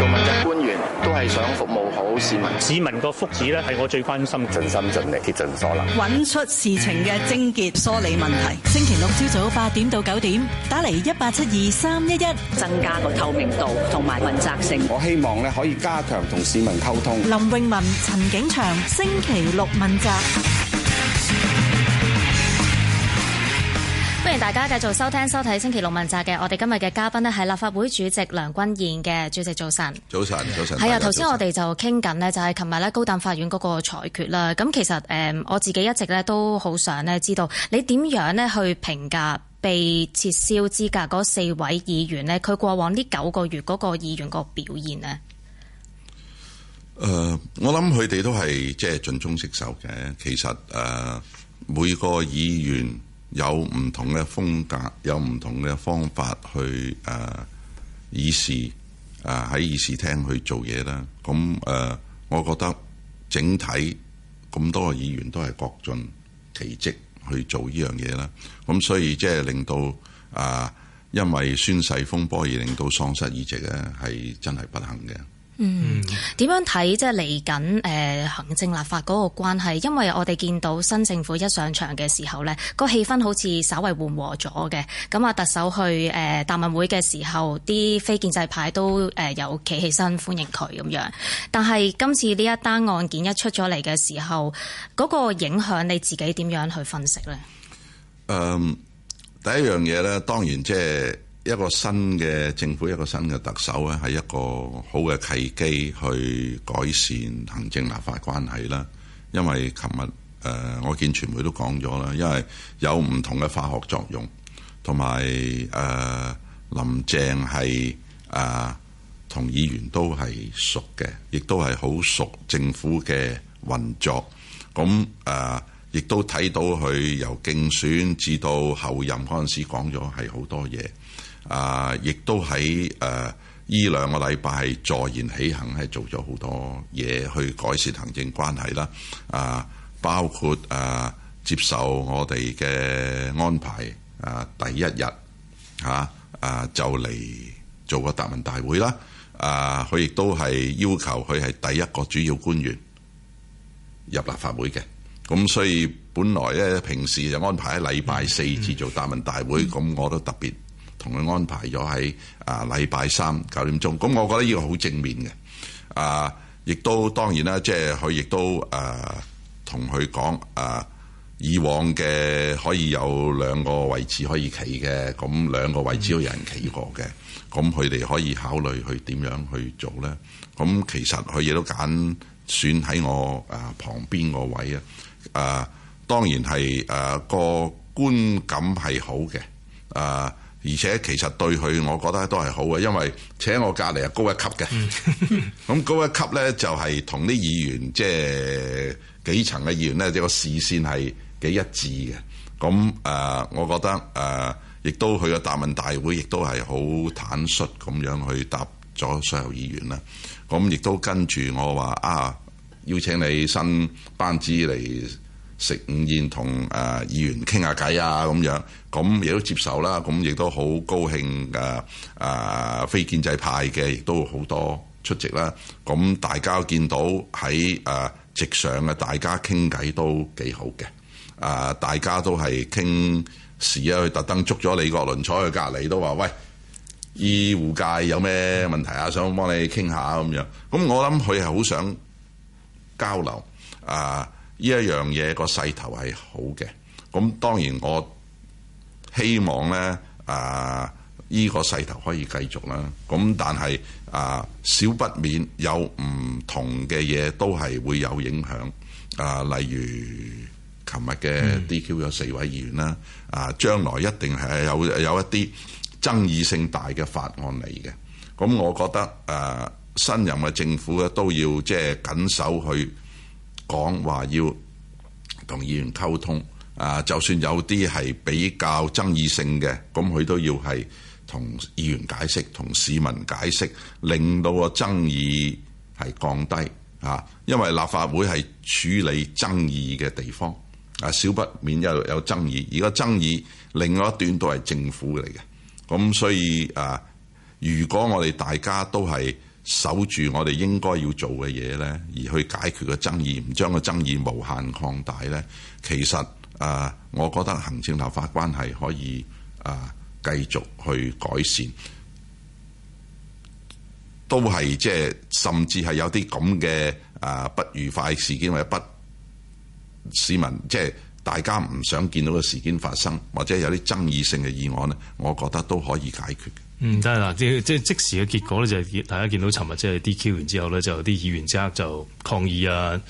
做問責官員都係想服務好市民，市民個福祉咧係我最關心，盡心盡力，竭盡所能，揾出事情嘅症結、梳理問題。星期六朝早八點到九點，打嚟一八七二三一一，增加個透明度同埋問責性。我希望咧可以加強同市民溝通。林穎文、陳景祥，星期六問責。歡迎大家繼續收聽、收睇星期六問責嘅，我哋今日嘅嘉賓咧係立法會主席梁君彥嘅主席早晨,早晨，早晨，的早晨。係啊，頭先我哋就傾緊呢，就係琴日呢高等法院嗰個裁決啦。咁其實誒、呃，我自己一直咧都好想呢知道，你點樣呢去評價被撤銷資格嗰四位議員呢。佢過往呢九個月嗰個議員個表現呢，誒、呃，我諗佢哋都係即係盡忠職守嘅。其實誒、呃，每個議員。有唔同嘅風格，有唔同嘅方法去誒議事，誒喺議事廳去做嘢啦。咁、嗯、誒、呃，我覺得整體咁多議員都係各盡其職去做呢樣嘢啦。咁、嗯、所以即係令到啊、呃，因為宣誓風波而令到喪失議席咧，係真係不幸嘅。嗯，點樣睇即係嚟緊？誒、呃，行政立法嗰個關係，因為我哋見到新政府一上場嘅時候呢個氣氛好似稍為緩和咗嘅。咁啊，特首去誒答問會嘅時候，啲非建制派都誒有企起身歡迎佢咁樣。但係今次呢一單案件一出咗嚟嘅時候，嗰個影響你自己點樣去分析呢？誒、嗯，第一樣嘢呢，當然即係。一個新嘅政府，一個新嘅特首咧，係一個好嘅契機，去改善行政立法關係啦。因為琴日誒、呃，我見傳媒都講咗啦，因為有唔同嘅化學作用，同埋誒林鄭係誒同議員都係熟嘅，亦都係好熟政府嘅運作。咁誒，亦、呃、都睇到佢由競選至到候任嗰陣時講咗係好多嘢。啊！亦都喺誒呢兩個禮拜係坐言起行，係做咗好多嘢去改善行政關係啦。啊，包括啊接受我哋嘅安排啊，第一日嚇啊，啊，啊就嚟做個答問大會啦。啊，佢亦都係要求佢係第一個主要官員入立法會嘅。咁所以本來咧，平時就安排喺禮拜四次做答問大會，咁、mm hmm. 我都特別。同佢安排咗喺啊禮拜三九點鐘，咁我覺得呢個好正面嘅啊，亦都當然啦，即係佢亦都誒同佢講啊，以往嘅可以有兩個位置可以企嘅，咁兩個位置都有人企過嘅，咁佢哋可以考慮去點樣去做呢？咁其實佢亦都揀選喺我啊旁邊個位啊，啊當然係啊個觀感係好嘅啊。而且其實對佢，我覺得都係好嘅，因為請我隔離係高一級嘅。咁 高一級呢，就係同啲議員即係幾層嘅議員即個視線係幾一致嘅。咁誒、呃，我覺得誒、呃，亦都佢個答問大會亦都係好坦率咁樣去答咗所有議員啦。咁亦都跟住我話啊，邀請你新班子嚟食午宴，同誒、呃、議員傾下偈啊，咁樣。咁亦都接受啦，咁亦都好高興。誒、呃、誒，非建制派嘅亦都好多出席啦。咁大家見到喺誒席上嘅，大家傾偈都幾好嘅。誒、呃，大家都係傾事啊，佢特登捉咗李國麟坐去隔離都話：「喂，醫護界有咩問題啊，想幫你傾下咁樣。樣」咁我諗佢係好想交流。誒、呃，呢一樣嘢個勢頭係好嘅。咁當然我。希望呢，啊、呃、呢、這個勢頭可以繼續啦。咁但係啊，少、呃、不免有唔同嘅嘢都係會有影響啊、呃。例如琴日嘅 DQ 咗四位議員啦，啊、呃，將來一定係有有一啲爭議性大嘅法案嚟嘅。咁、呃、我覺得啊、呃，新任嘅政府咧都要即係緊守去講話，要同議員溝通。啊，就算有啲係比較爭議性嘅，咁佢都要係同議員解釋，同市民解釋，令到個爭議係降低嚇，啊。因為立法會係處理爭議嘅地方啊，少不免又有，有爭議。而個爭議另外一段都係政府嚟嘅，咁所以啊，如果我哋大家都係守住我哋應該要做嘅嘢呢，而去解決個爭議，唔將個爭議無限擴大呢，其實～啊，uh, 我覺得行政立法關係可以啊、uh, 繼續去改善，都係即係甚至係有啲咁嘅啊不愉快事件或者不市民即係大家唔想見到嘅事件發生，或者有啲爭議性嘅議案咧，我覺得都可以解決。嗯，但係啦，即係即，即，即時嘅結果咧，就係大家見到尋日即係 DQ 完之後呢就有啲議員即刻就抗議啊！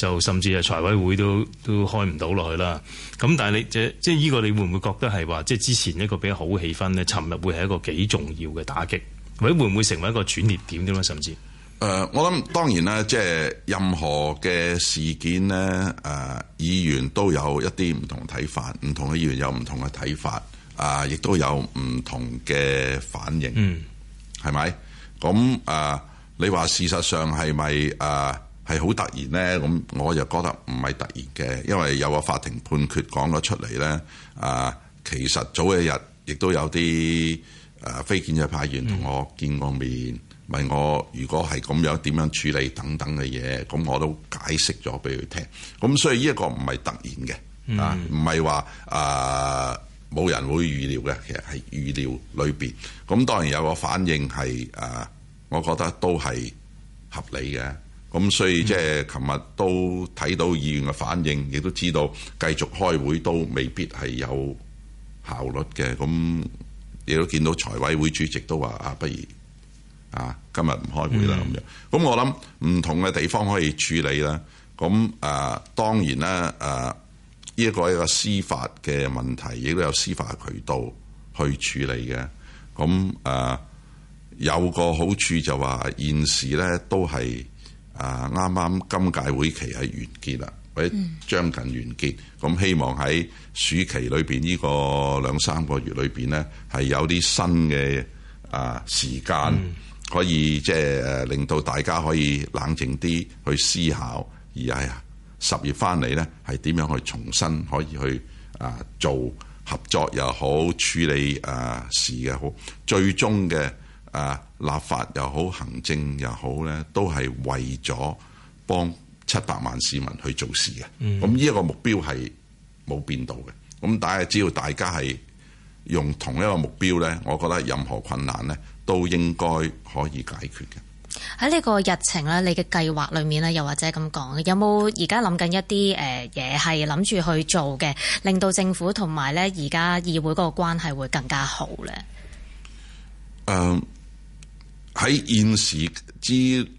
就甚至係財委會都都開唔到落去啦。咁但係你即即呢個，你會唔會覺得係話即之前一個比較好嘅氣氛咧，尋日會係一個幾重要嘅打擊，或者會唔會成為一個轉捩點啲咧？甚至誒、呃，我諗當然啦，即任何嘅事件咧，誒、呃、議員都有一啲唔同睇法，唔同嘅議員有唔同嘅睇法，啊、呃，亦都有唔同嘅反應。嗯，係咪？咁、呃、啊，你話事實上係咪啊？呃係好突然呢，咁我就覺得唔係突然嘅，因為有個法庭判決講咗出嚟呢。啊、呃，其實早一日亦都有啲啊、呃、非建制派員同我見過面，問我如果係咁樣點樣處理等等嘅嘢，咁我都解釋咗俾佢聽。咁所以呢一個唔係突然嘅，啊唔係話啊冇人會預料嘅，其實係預料裏邊。咁當然有個反應係啊、呃，我覺得都係合理嘅。咁所以即係琴日都睇到議員嘅反應，亦都知道繼續開會都未必係有效率嘅。咁亦都見到財委會主席都話啊，不如啊，今日唔開會啦。咁樣咁我諗唔同嘅地方可以處理啦。咁啊，當然啦，啊，呢一個係一個司法嘅問題亦都有司法渠道去處理嘅。咁啊，有個好處就話現時咧都係。啊！啱啱今屆會期係完結啦，或者、嗯、將近完結。咁希望喺暑期裏邊呢個兩三個月裏邊呢，係有啲新嘅啊時間，嗯、可以即係令到大家可以冷靜啲去思考，而係十月翻嚟呢，係點樣去重新可以去啊做合作又好，處理啊事又好，最終嘅。啊！立法又好，行政又好咧，都係為咗幫七百萬市民去做事嘅。咁呢一個目標係冇變到嘅。咁但係只要大家係用同一個目標咧，我覺得任何困難咧都應該可以解決嘅。喺呢個日程咧，你嘅計劃裡面咧，又或者咁講，有冇而家諗緊一啲誒嘢係諗住去做嘅，令到政府同埋咧而家議會個關係會更加好咧？誒、呃。喺現時之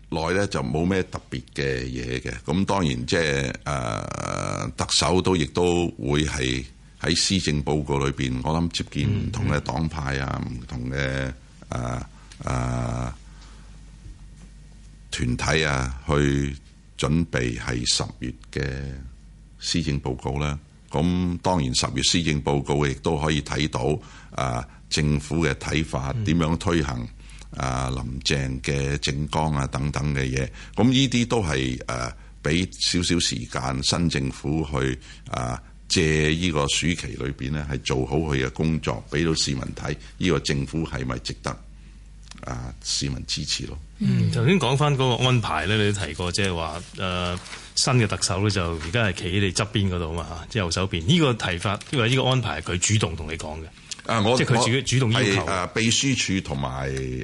內呢，就冇咩特別嘅嘢嘅。咁當然即係誒特首都亦都會係喺施政報告裏邊，我諗接見唔同嘅黨派啊，唔同嘅，mm hmm. 誒誒團體啊，去準備係十月嘅施政報告啦。咁當然十月施政報告亦都可以睇到誒、啊、政府嘅睇法點樣推行，mm hmm. 啊，林鄭嘅政綱啊，等等嘅嘢，咁呢啲都係誒俾少少時間新政府去啊借呢個暑期裏邊咧，係做好佢嘅工作，俾到市民睇呢、這個政府係咪值得啊市民支持咯？嗯，頭先講翻嗰個安排咧，你都提過，即係話誒新嘅特首咧就而家係企喺你側邊嗰度嘛，即、就、係、是、右手邊。呢、這個提法，因為呢個安排係佢主動同你講嘅。啊！我即係佢自己主動要求？我係誒秘書處同埋誒誒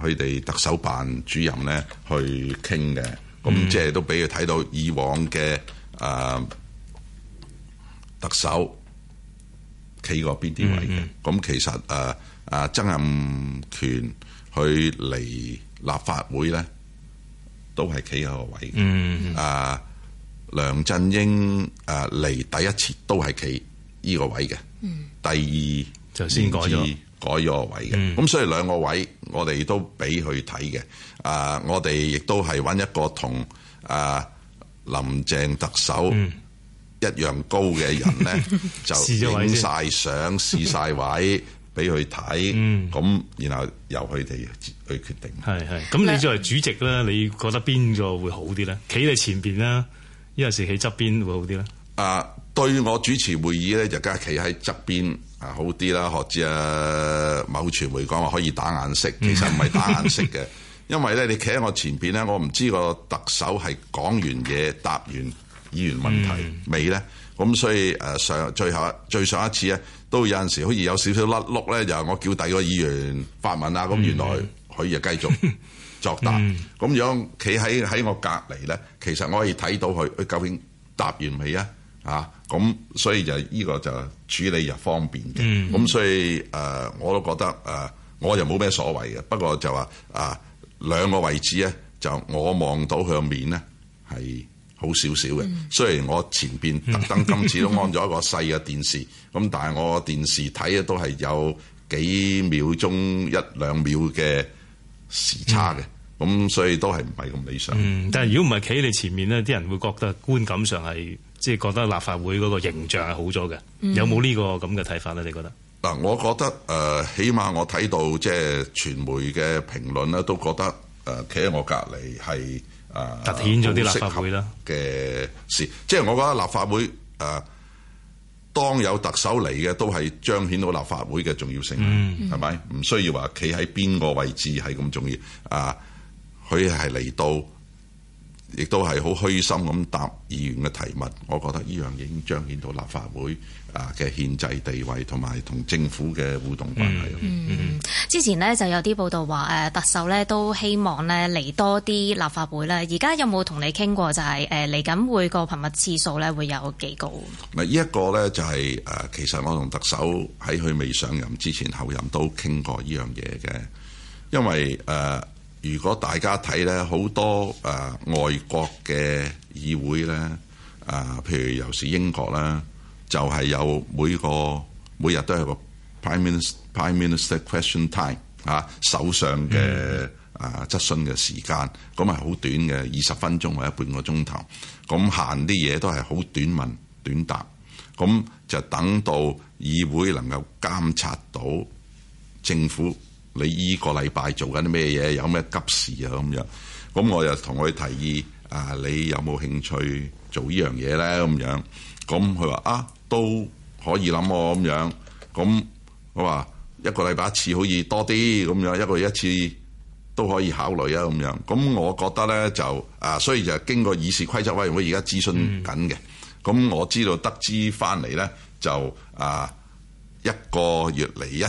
佢哋特首辦主任咧去傾嘅，咁、嗯、即係都俾佢睇到以往嘅誒、呃、特首企過邊啲位嘅。咁、嗯嗯、其實誒誒、呃呃、曾蔭權佢嚟立法會咧，都係企喺個位嘅。啊、嗯嗯嗯呃，梁振英誒嚟、呃、第一次都係企依個位嘅。第二就先改咗改咗個位嘅，咁、嗯、所以兩個位我哋都俾佢睇嘅。啊、呃，我哋亦都係揾一個同啊、呃、林鄭特首一樣高嘅人咧，嗯、 就影晒相、試晒位俾佢睇。咁然後由佢哋去決定。係係，咁你作為主席咧，你覺得邊個會好啲咧？企喺前邊咧，還是喺側邊會好啲咧？啊！呃對我主持會議咧，就梗係企喺側邊啊，好啲啦。學啊，某傳媒講話可以打眼色，其實唔係打眼色嘅， 因為咧你企喺我前邊咧，我唔知個特首係講完嘢答完議員問題 未咧，咁所以誒、啊、上最後最上一次咧，都有陣時好似有少少甩碌咧，就係我叫第二個議員發問啊，咁 原來佢就繼續作答，咁 樣企喺喺我隔籬咧，其實我可以睇到佢佢究竟答完未啊？啊！咁、嗯、所以就呢個就處理又方便嘅，咁、嗯、所以誒、呃、我都覺得誒、呃，我又冇咩所謂嘅。不過就話啊、呃、兩個位置咧，就我望到佢個面咧係好少少嘅。雖然、嗯、我前邊特登今次都安咗一個細嘅電視，咁 但係我電視睇嘅都係有幾秒鐘一兩秒嘅時差嘅，咁、嗯、所以都係唔係咁理想、嗯。但係如果唔係企喺你前面咧，啲人會覺得觀感上係。即係覺得立法會嗰個形象係好咗嘅，嗯、有冇呢個咁嘅睇法咧？你覺得？嗱，我覺得誒、呃，起碼我睇到即係傳媒嘅評論咧，都覺得誒，企、呃、喺我隔離係誒凸顯咗啲立法會啦嘅事。嗯、即係我覺得立法會誒、呃，當有特首嚟嘅，都係彰顯到立法會嘅重要性，係咪、嗯？唔需要話企喺邊個位置係咁重要啊？佢係嚟到。亦都係好虛心咁答議員嘅提問，我覺得呢樣已經彰顯到立法會啊嘅憲制地位，同埋同政府嘅互動關係。嗯嗯、mm，hmm. mm hmm. 之前呢就有啲報道話誒特首呢都希望呢嚟多啲立法會咧，而家有冇同你傾過就係誒嚟緊會個頻密次數呢會有幾高？呢一個、嗯這個呢就係、是、誒，其實我同特首喺佢未上任之前、後任都傾過呢樣嘢嘅，因為誒。呃如果大家睇咧，好多誒、呃、外國嘅議會咧，啊、呃、譬如又是英國啦，就係、是、有每個每日都係個 prime minister prime minister question time 啊首相嘅誒質詢嘅時間，咁係好短嘅，二十分鐘或者半個鐘頭，咁行啲嘢都係好短問短答，咁就等到議會能夠監察到政府。你依個禮拜做緊啲咩嘢？有咩急事啊？咁樣，咁我又同佢提議啊！「你有冇興趣做呢樣嘢呢？」咁樣，咁佢話啊，都可以諗喎咁樣。咁我話一個禮拜一次可以多啲咁樣，一個月一次都可以考慮啊咁樣。咁我覺得呢，就啊，所以就經過議事規則委員會而家諮詢緊嘅。咁、嗯、我知道得知翻嚟呢，就啊一個月嚟一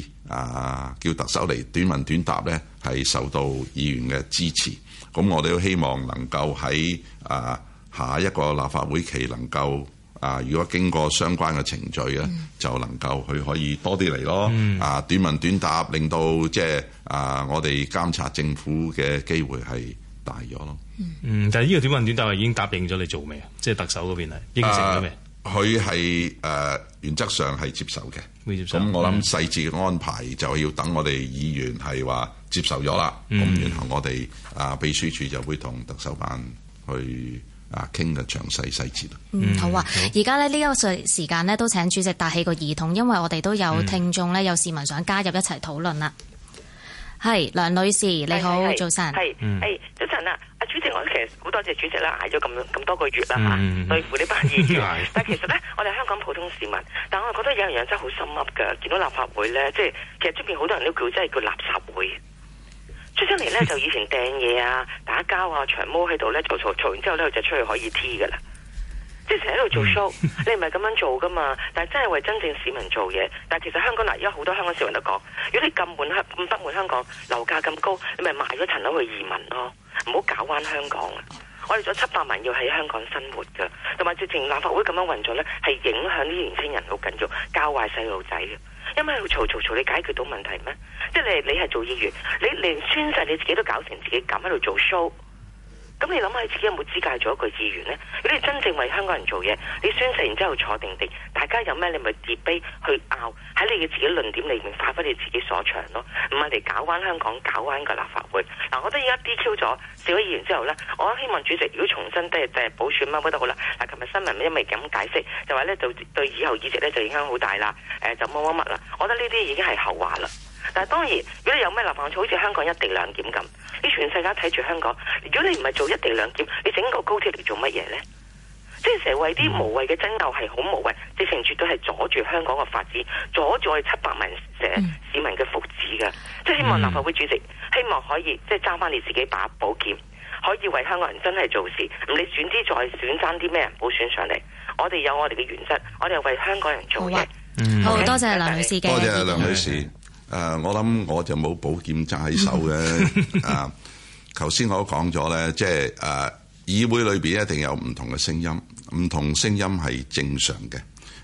次。啊！叫特首嚟短問短答咧，係受到議員嘅支持。咁我哋都希望能夠喺啊下一個立法會期能夠啊，如果經過相關嘅程序咧，嗯、就能夠佢可以多啲嚟咯。嗯、啊，短問短答令到即係啊，我哋監察政府嘅機會係大咗咯。嗯，嗯，但係呢個短問短答係已經答應咗你做未啊？即、就、係、係、特首嗰邊係應承咗未？呃佢係誒原則上係接受嘅，會接受，咁我諗細節嘅安排就要等我哋議員係話接受咗啦。咁然後我哋啊秘書處就會同特首辦去啊傾嘅詳細細節。嗯，好啊。而家咧呢個時時間咧都請主席戴起個耳筒，因為我哋都有聽眾咧有市民想加入一齊討論啦。係梁女士，你好，早晨。係。 多謝主席啦，挨咗咁咁多個月啦嚇、嗯啊，對付呢班議員。 但其實咧，我哋香港普通市民，但我又覺得有人樣真係好心黑心噏噶。見到立法會咧，即係其實出邊好多人都叫，真係叫垃圾會。出咗嚟咧，就以前掟嘢啊、打交啊、長毛喺度咧，嘈嘈嘈完之後咧，就出去可以 T 噶啦。即成日喺度做 show，你唔係咁樣做噶嘛？但係真係為真正市民做嘢。但係其實香港嗱，而家好多香港市民都講，如果你咁滿香咁不滿香港樓價咁高，你咪賣咗層樓去移民咯，唔好搞彎香港。我哋仲有七百萬要喺香港生活噶，同埋直情立法會咁樣運作咧，係影響啲年輕人好緊要，教壞細路仔嘅。因為喺度嘈嘈嘈，你解決到問題咩？即係你你係做議員，你連宣誓你自己都搞成自己咁喺度做 show。咁你諗下你自己有冇資格做一個議員呢？如果你真正為香港人做嘢，你宣誓完之後坐定定，大家有咩你咪揭碑去拗，喺你嘅自己論點裏面發揮你自己所長咯，唔係嚟搞彎香港、搞彎個立法會。嗱，我覺得而家 DQ 咗少咗議員之後呢，我希望主席如果重新即係即係補選乜乜都好啦。嗱，琴日新聞因為咁解釋，就話呢就對以後議席呢就影響好大啦。誒，就乜乜乜啦，我覺得呢啲已經係後話啦。但係當然，如果你有咩立法好似香港一地兩檢咁，你全世界睇住香港。如果你唔係做一地兩檢，你整個高鐵嚟做乜嘢呢？即係成日為啲無謂嘅爭拗係好無謂，直情絕對係阻住香港嘅發展，阻住七百萬社、嗯、市民嘅福祉嘅。即係希望立法會主席希望可以即係揸翻你自己把寶劍，可以為香港人真係做事。咁你選啲再選爭啲咩人補選上嚟？我哋有我哋嘅原則，我哋係為香港人做嘢。好多謝梁女士，多謝梁女士。誒，uh, 我諗我就冇寶劍執喺手嘅。啊，頭先我都講咗咧，即係誒議會裏邊一定有唔同嘅聲音，唔同聲音係正常嘅，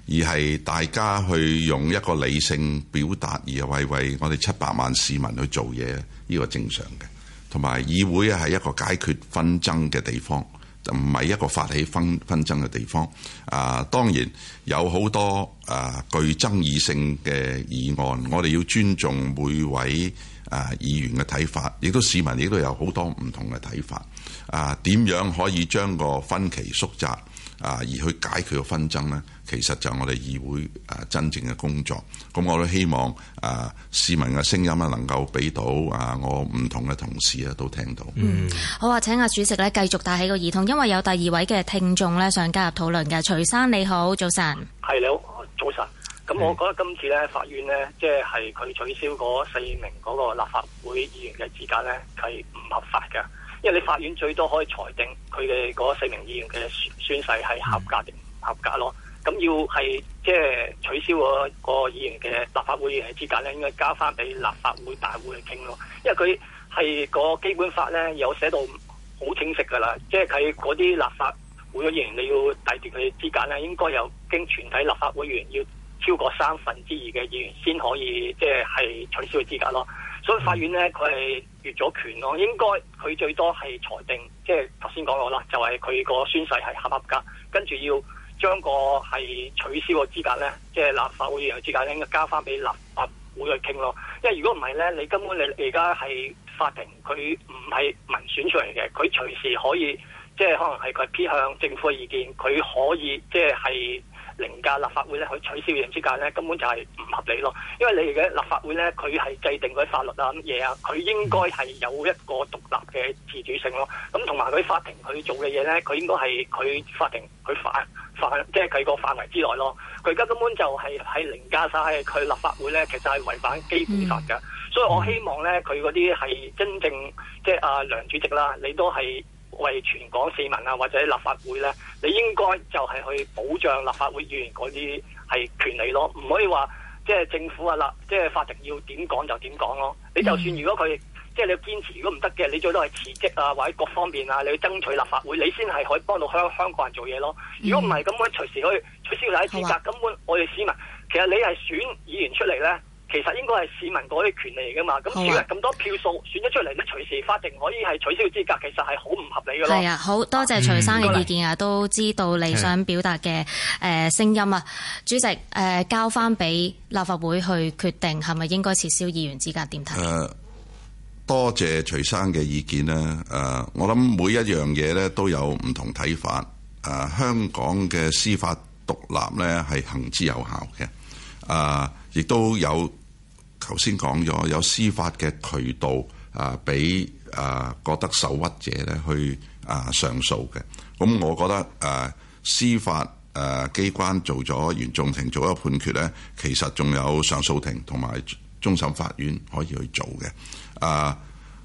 而係大家去用一個理性表達，而為為我哋七百萬市民去做嘢，呢個正常嘅。同埋議會係一個解決紛爭嘅地方。唔係一個發起紛紛爭嘅地方啊！當然有好多啊具爭議性嘅議案，我哋要尊重每位啊議員嘅睇法，亦都市民亦都有好多唔同嘅睇法啊！點樣可以將個分歧縮窄？啊！而去解決個紛爭呢，其實就係我哋議會誒真正嘅工作。咁我都希望啊、呃，市民嘅聲音啊，能夠俾到啊、呃，我唔同嘅同事啊，都聽到。嗯，好啊！請阿主席咧繼續帶起個耳筒，因為有第二位嘅聽眾咧想加入討論嘅。徐生你好，早晨。係你好，早晨。咁我覺得今次咧，法院呢，即係係佢取消嗰四名嗰個立法會議員嘅資格咧，係唔合法嘅。因為你法院最多可以裁定佢哋嗰四名議員嘅宣誓係合格定唔合格咯，咁要係即係取消嗰個議員嘅立法會議員嘅資格咧，應該交翻俾立法會大會去傾咯。因為佢係個基本法咧有寫到好清晰㗎啦，即係佢嗰啲立法會議員你要抵掉佢嘅資格咧，應該有經全體立法會議員要超過三分之二嘅議員先可以即係係取消佢資格咯。所以法院咧，佢係越咗權咯。應該佢最多係裁定，即係頭先講過啦，就係佢個宣誓係合唔合格，跟住要將個係取消個資格咧，即係立法會議員嘅資格咧，應該交翻俾立法會去傾咯。因為如果唔係咧，你根本你而家係法庭，佢唔係民選出嚟嘅，佢隨時可以，即係可能係佢偏向政府嘅意見，佢可以即係係。凌駕立法會咧去取消廉租價咧，根本就係唔合理咯。因為你而家立法會咧，佢係制定佢法律啊、乜嘢啊，佢應該係有一個獨立嘅自主性咯。咁同埋佢法庭佢做嘅嘢咧，佢應該係佢法庭佢範範，即係佢個範圍之內咯。佢而家根本就係喺凌駕晒，佢立法會咧，其實係違反基本法嘅。所以我希望咧，佢嗰啲係真正即係、啊、阿梁主席啦，你都係。為全港市民啊，或者立法會呢，你應該就係去保障立法會議員嗰啲係權利咯，唔可以話即係政府話啦，即係法庭要點講就點講咯。你就算如果佢即係你要堅持，如果唔得嘅，你最多係辭職啊，或者各方面啊，你去爭取立法會，你先係可以幫到香香港人做嘢咯。嗯、如果唔係咁樣，隨時去取消大家資格，吧根本我哋市民，其實你係選議員出嚟呢。其實應該係市民嗰啲權利嚟㗎嘛，咁輸入咁多票數選咗出嚟，咁隨時法庭可以係取消資格，其實係好唔合理㗎啦。係啊，好多謝徐生嘅意見啊，嗯、都知道你想表達嘅誒聲音啊，主席誒、呃、交翻俾立法會去決定係咪應該撤銷議員資格點睇？誒、呃，多謝徐生嘅意見啦。誒、呃，我諗每一樣嘢呢都有唔同睇法。啊、呃，香港嘅司法獨立呢係行之有效嘅。啊、呃，亦、呃、都有。頭先講咗有司法嘅渠道啊，俾啊覺得受屈者咧去啊上訴嘅。咁我覺得啊司法啊機關做咗原訟庭做咗判決呢，其實仲有上訴庭同埋終審法院可以去做嘅。啊，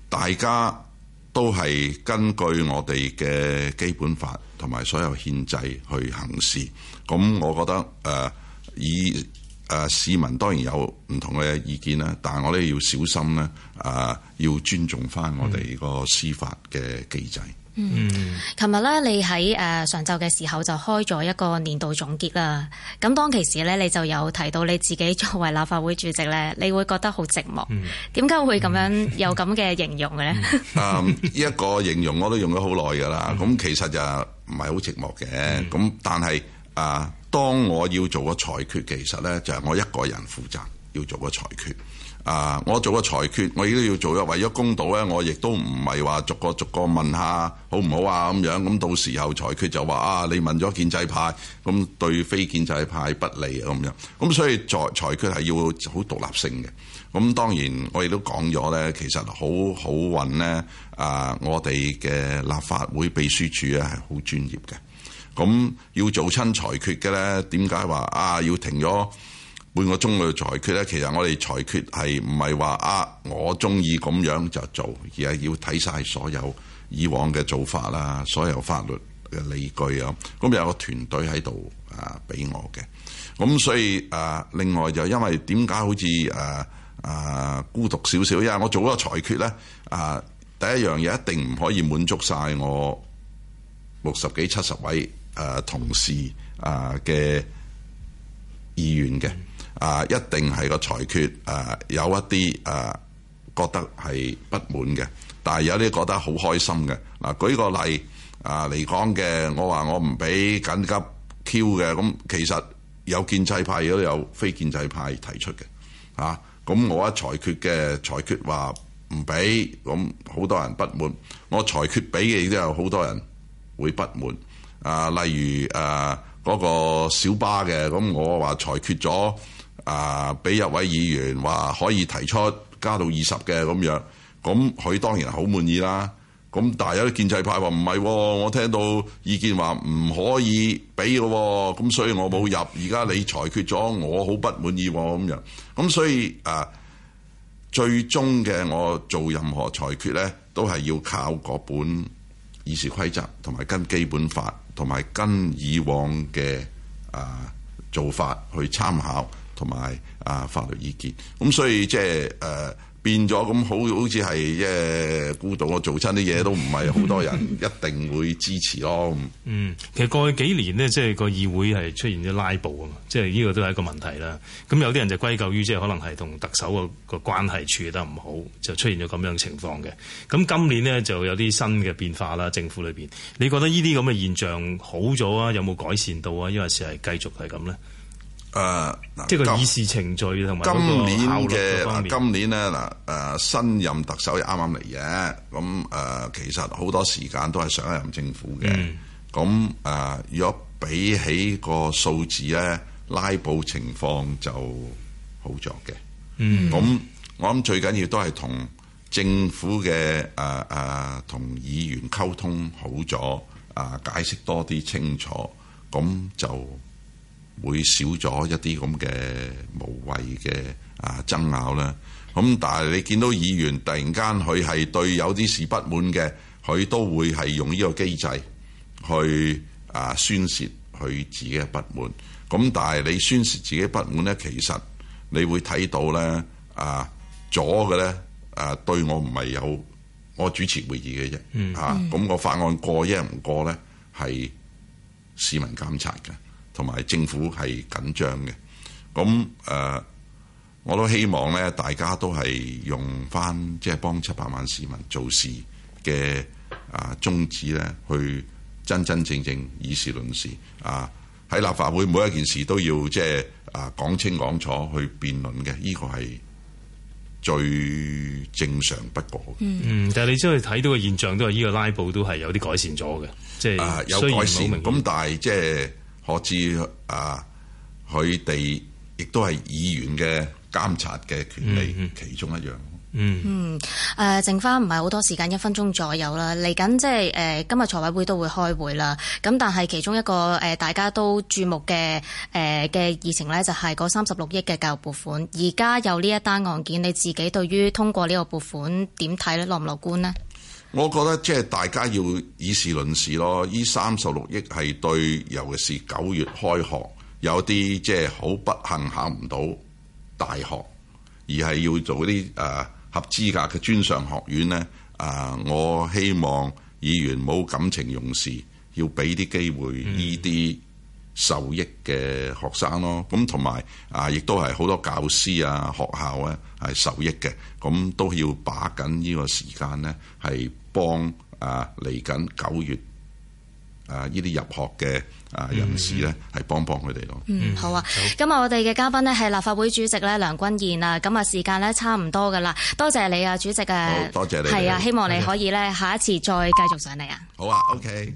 大家都係根據我哋嘅基本法同埋所有憲制去行事。咁我覺得誒、啊、以。誒、啊、市民當然有唔同嘅意見啦，但係我哋要小心咧，誒、啊、要尊重翻我哋個司法嘅機制。嗯，琴日咧，你喺誒、啊、上晝嘅時候就開咗一個年度總結啦。咁當其時咧，你就有提到你自己作為立法會主席咧，你會覺得好寂寞。點解、嗯、會咁樣、嗯、有咁嘅形容嘅咧？誒、嗯， 呢一個形容我都用咗好耐㗎啦。咁、嗯、其實就唔係好寂寞嘅。咁、嗯、但係啊。當我要做個裁決，其實呢就係我一個人負責要做個裁決。啊、uh，我做個裁決，我亦都要做嘅。為咗公道呢，我亦都唔係話逐個逐個問下好唔好啊咁樣。咁到時候裁決就話啊，你問咗建制派，咁對非建制派不利咁樣。咁所以裁裁決係要好獨立性嘅。咁當然我亦都講咗呢，其實好好運呢。啊、uh，我哋嘅立法會秘書處咧係好專業嘅。咁要做親裁決嘅呢？點解話啊要停咗半個鐘去裁決呢？其實我哋裁決係唔係話啊我中意咁樣就做，而係要睇晒所有以往嘅做法啦，所有法律嘅理據啊。咁有個團隊喺度啊俾我嘅。咁所以啊，另外就因為點解好似啊啊孤獨少少，因為我做咗裁決呢，啊，第一樣嘢一定唔可以滿足晒我六十幾七十位。啊、同事啊嘅意願嘅啊，一定係個裁決啊，有一啲啊覺得係不滿嘅，但係有啲覺得好開心嘅嗱、啊。舉個例啊嚟講嘅，我話我唔俾緊急 Q 嘅咁，其實有建制派亦都有非建制派提出嘅啊。咁我一裁決嘅裁決話唔俾，咁好多人不滿；我裁決俾嘅，亦都有好多人會不滿。啊，例如誒嗰個小巴嘅，咁我話裁決咗，啊俾一位議員話可以提出加到二十嘅咁樣，咁佢當然好滿意啦。咁但係有啲建制派話唔係喎，我聽到意見話唔可以俾喎，咁所以我冇入。而家你裁決咗，我好不滿意喎，咁樣。咁所以啊，最終嘅我做任何裁決呢，都係要靠嗰本議事規則同埋跟基本法。同埋跟以往嘅啊、呃、做法去參考，同埋啊法律意見。咁、嗯、所以即係。誒、呃。變咗咁好好似係即係孤獨，我做親啲嘢都唔係好多人 一定會支持咯。嗯，其實過去幾年呢，即係個議會係出現咗拉布啊，即係呢個都係一個問題啦。咁有啲人就歸咎於即係可能係同特首嘅個關係處理得唔好，就出現咗咁樣情況嘅。咁今年呢，就有啲新嘅變化啦，政府裏邊，你覺得呢啲咁嘅現象好咗啊？有冇改善到啊？因抑或係繼續係咁呢？誒，即係個議事程序同埋今年嘅今年咧，嗱、誒新任特首又啱啱嚟嘅，咁、呃、誒其實好多時間都係上一任政府嘅。咁誒如果比起個數字咧，拉布情況就好咗嘅，嗯，咁我諗最緊要都係同政府嘅誒誒同議員溝通好咗，啊、呃、解釋多啲清楚，咁就。會少咗一啲咁嘅無謂嘅啊爭拗啦。咁但係你見到議員突然間佢係對有啲事不滿嘅，佢都會係用呢個機制去啊宣泄佢自己嘅不滿。咁但係你宣泄自己嘅不滿咧，其實你會睇到咧啊左嘅咧啊對我唔係有我主持會議嘅啫嚇。咁、mm. 啊個法案過一唔過咧，係市民監察嘅。同埋政府係緊張嘅，咁誒、呃，我都希望咧，大家都係用翻即係幫七百萬市民做事嘅啊宗旨咧，去真真正正以事論事啊！喺立法會每一件事都要即係、就是、啊講清講楚去辯論嘅，呢、這個係最正常不過嘅。嗯，嗯，但係你真係睇到嘅現象都係呢個拉布都係有啲改善咗嘅，即、就、係、是啊、有改善咁，但係即係。嗯可知啊，佢哋亦都係議員嘅監察嘅權利其中一樣。嗯，誒、呃，剩返唔係好多時間，一分鐘左右啦。嚟緊即係誒今日財委會都會開會啦。咁但係其中一個誒大家都注目嘅誒嘅議程咧，就係嗰三十六億嘅教育撥款。而家有呢一單案件，你自己對於通過呢個撥款點睇咧，樂唔樂觀呢？我覺得即係大家要以事論事咯，依三十六億係對，尤其是九月開學有啲即係好不幸考唔到大學，而係要做啲誒合資格嘅專上學院呢啊，我希望議員冇感情用事，要俾啲機會呢啲.受益嘅學生咯，咁同埋啊，亦都係好多教師啊、學校咧係受益嘅，咁都要把緊呢個時間呢，係幫啊嚟緊九月啊呢啲入學嘅啊人士呢，係幫幫佢哋咯。嗯，嗯，好啊，咁啊好，我哋嘅嘉賓呢，係立法會主席咧梁君彥啊，咁啊時間呢差唔多噶啦，多謝你啊，主席誒、啊，多謝你，係啊，們希望你可以呢，下一次再繼續上嚟啊。好啊，OK。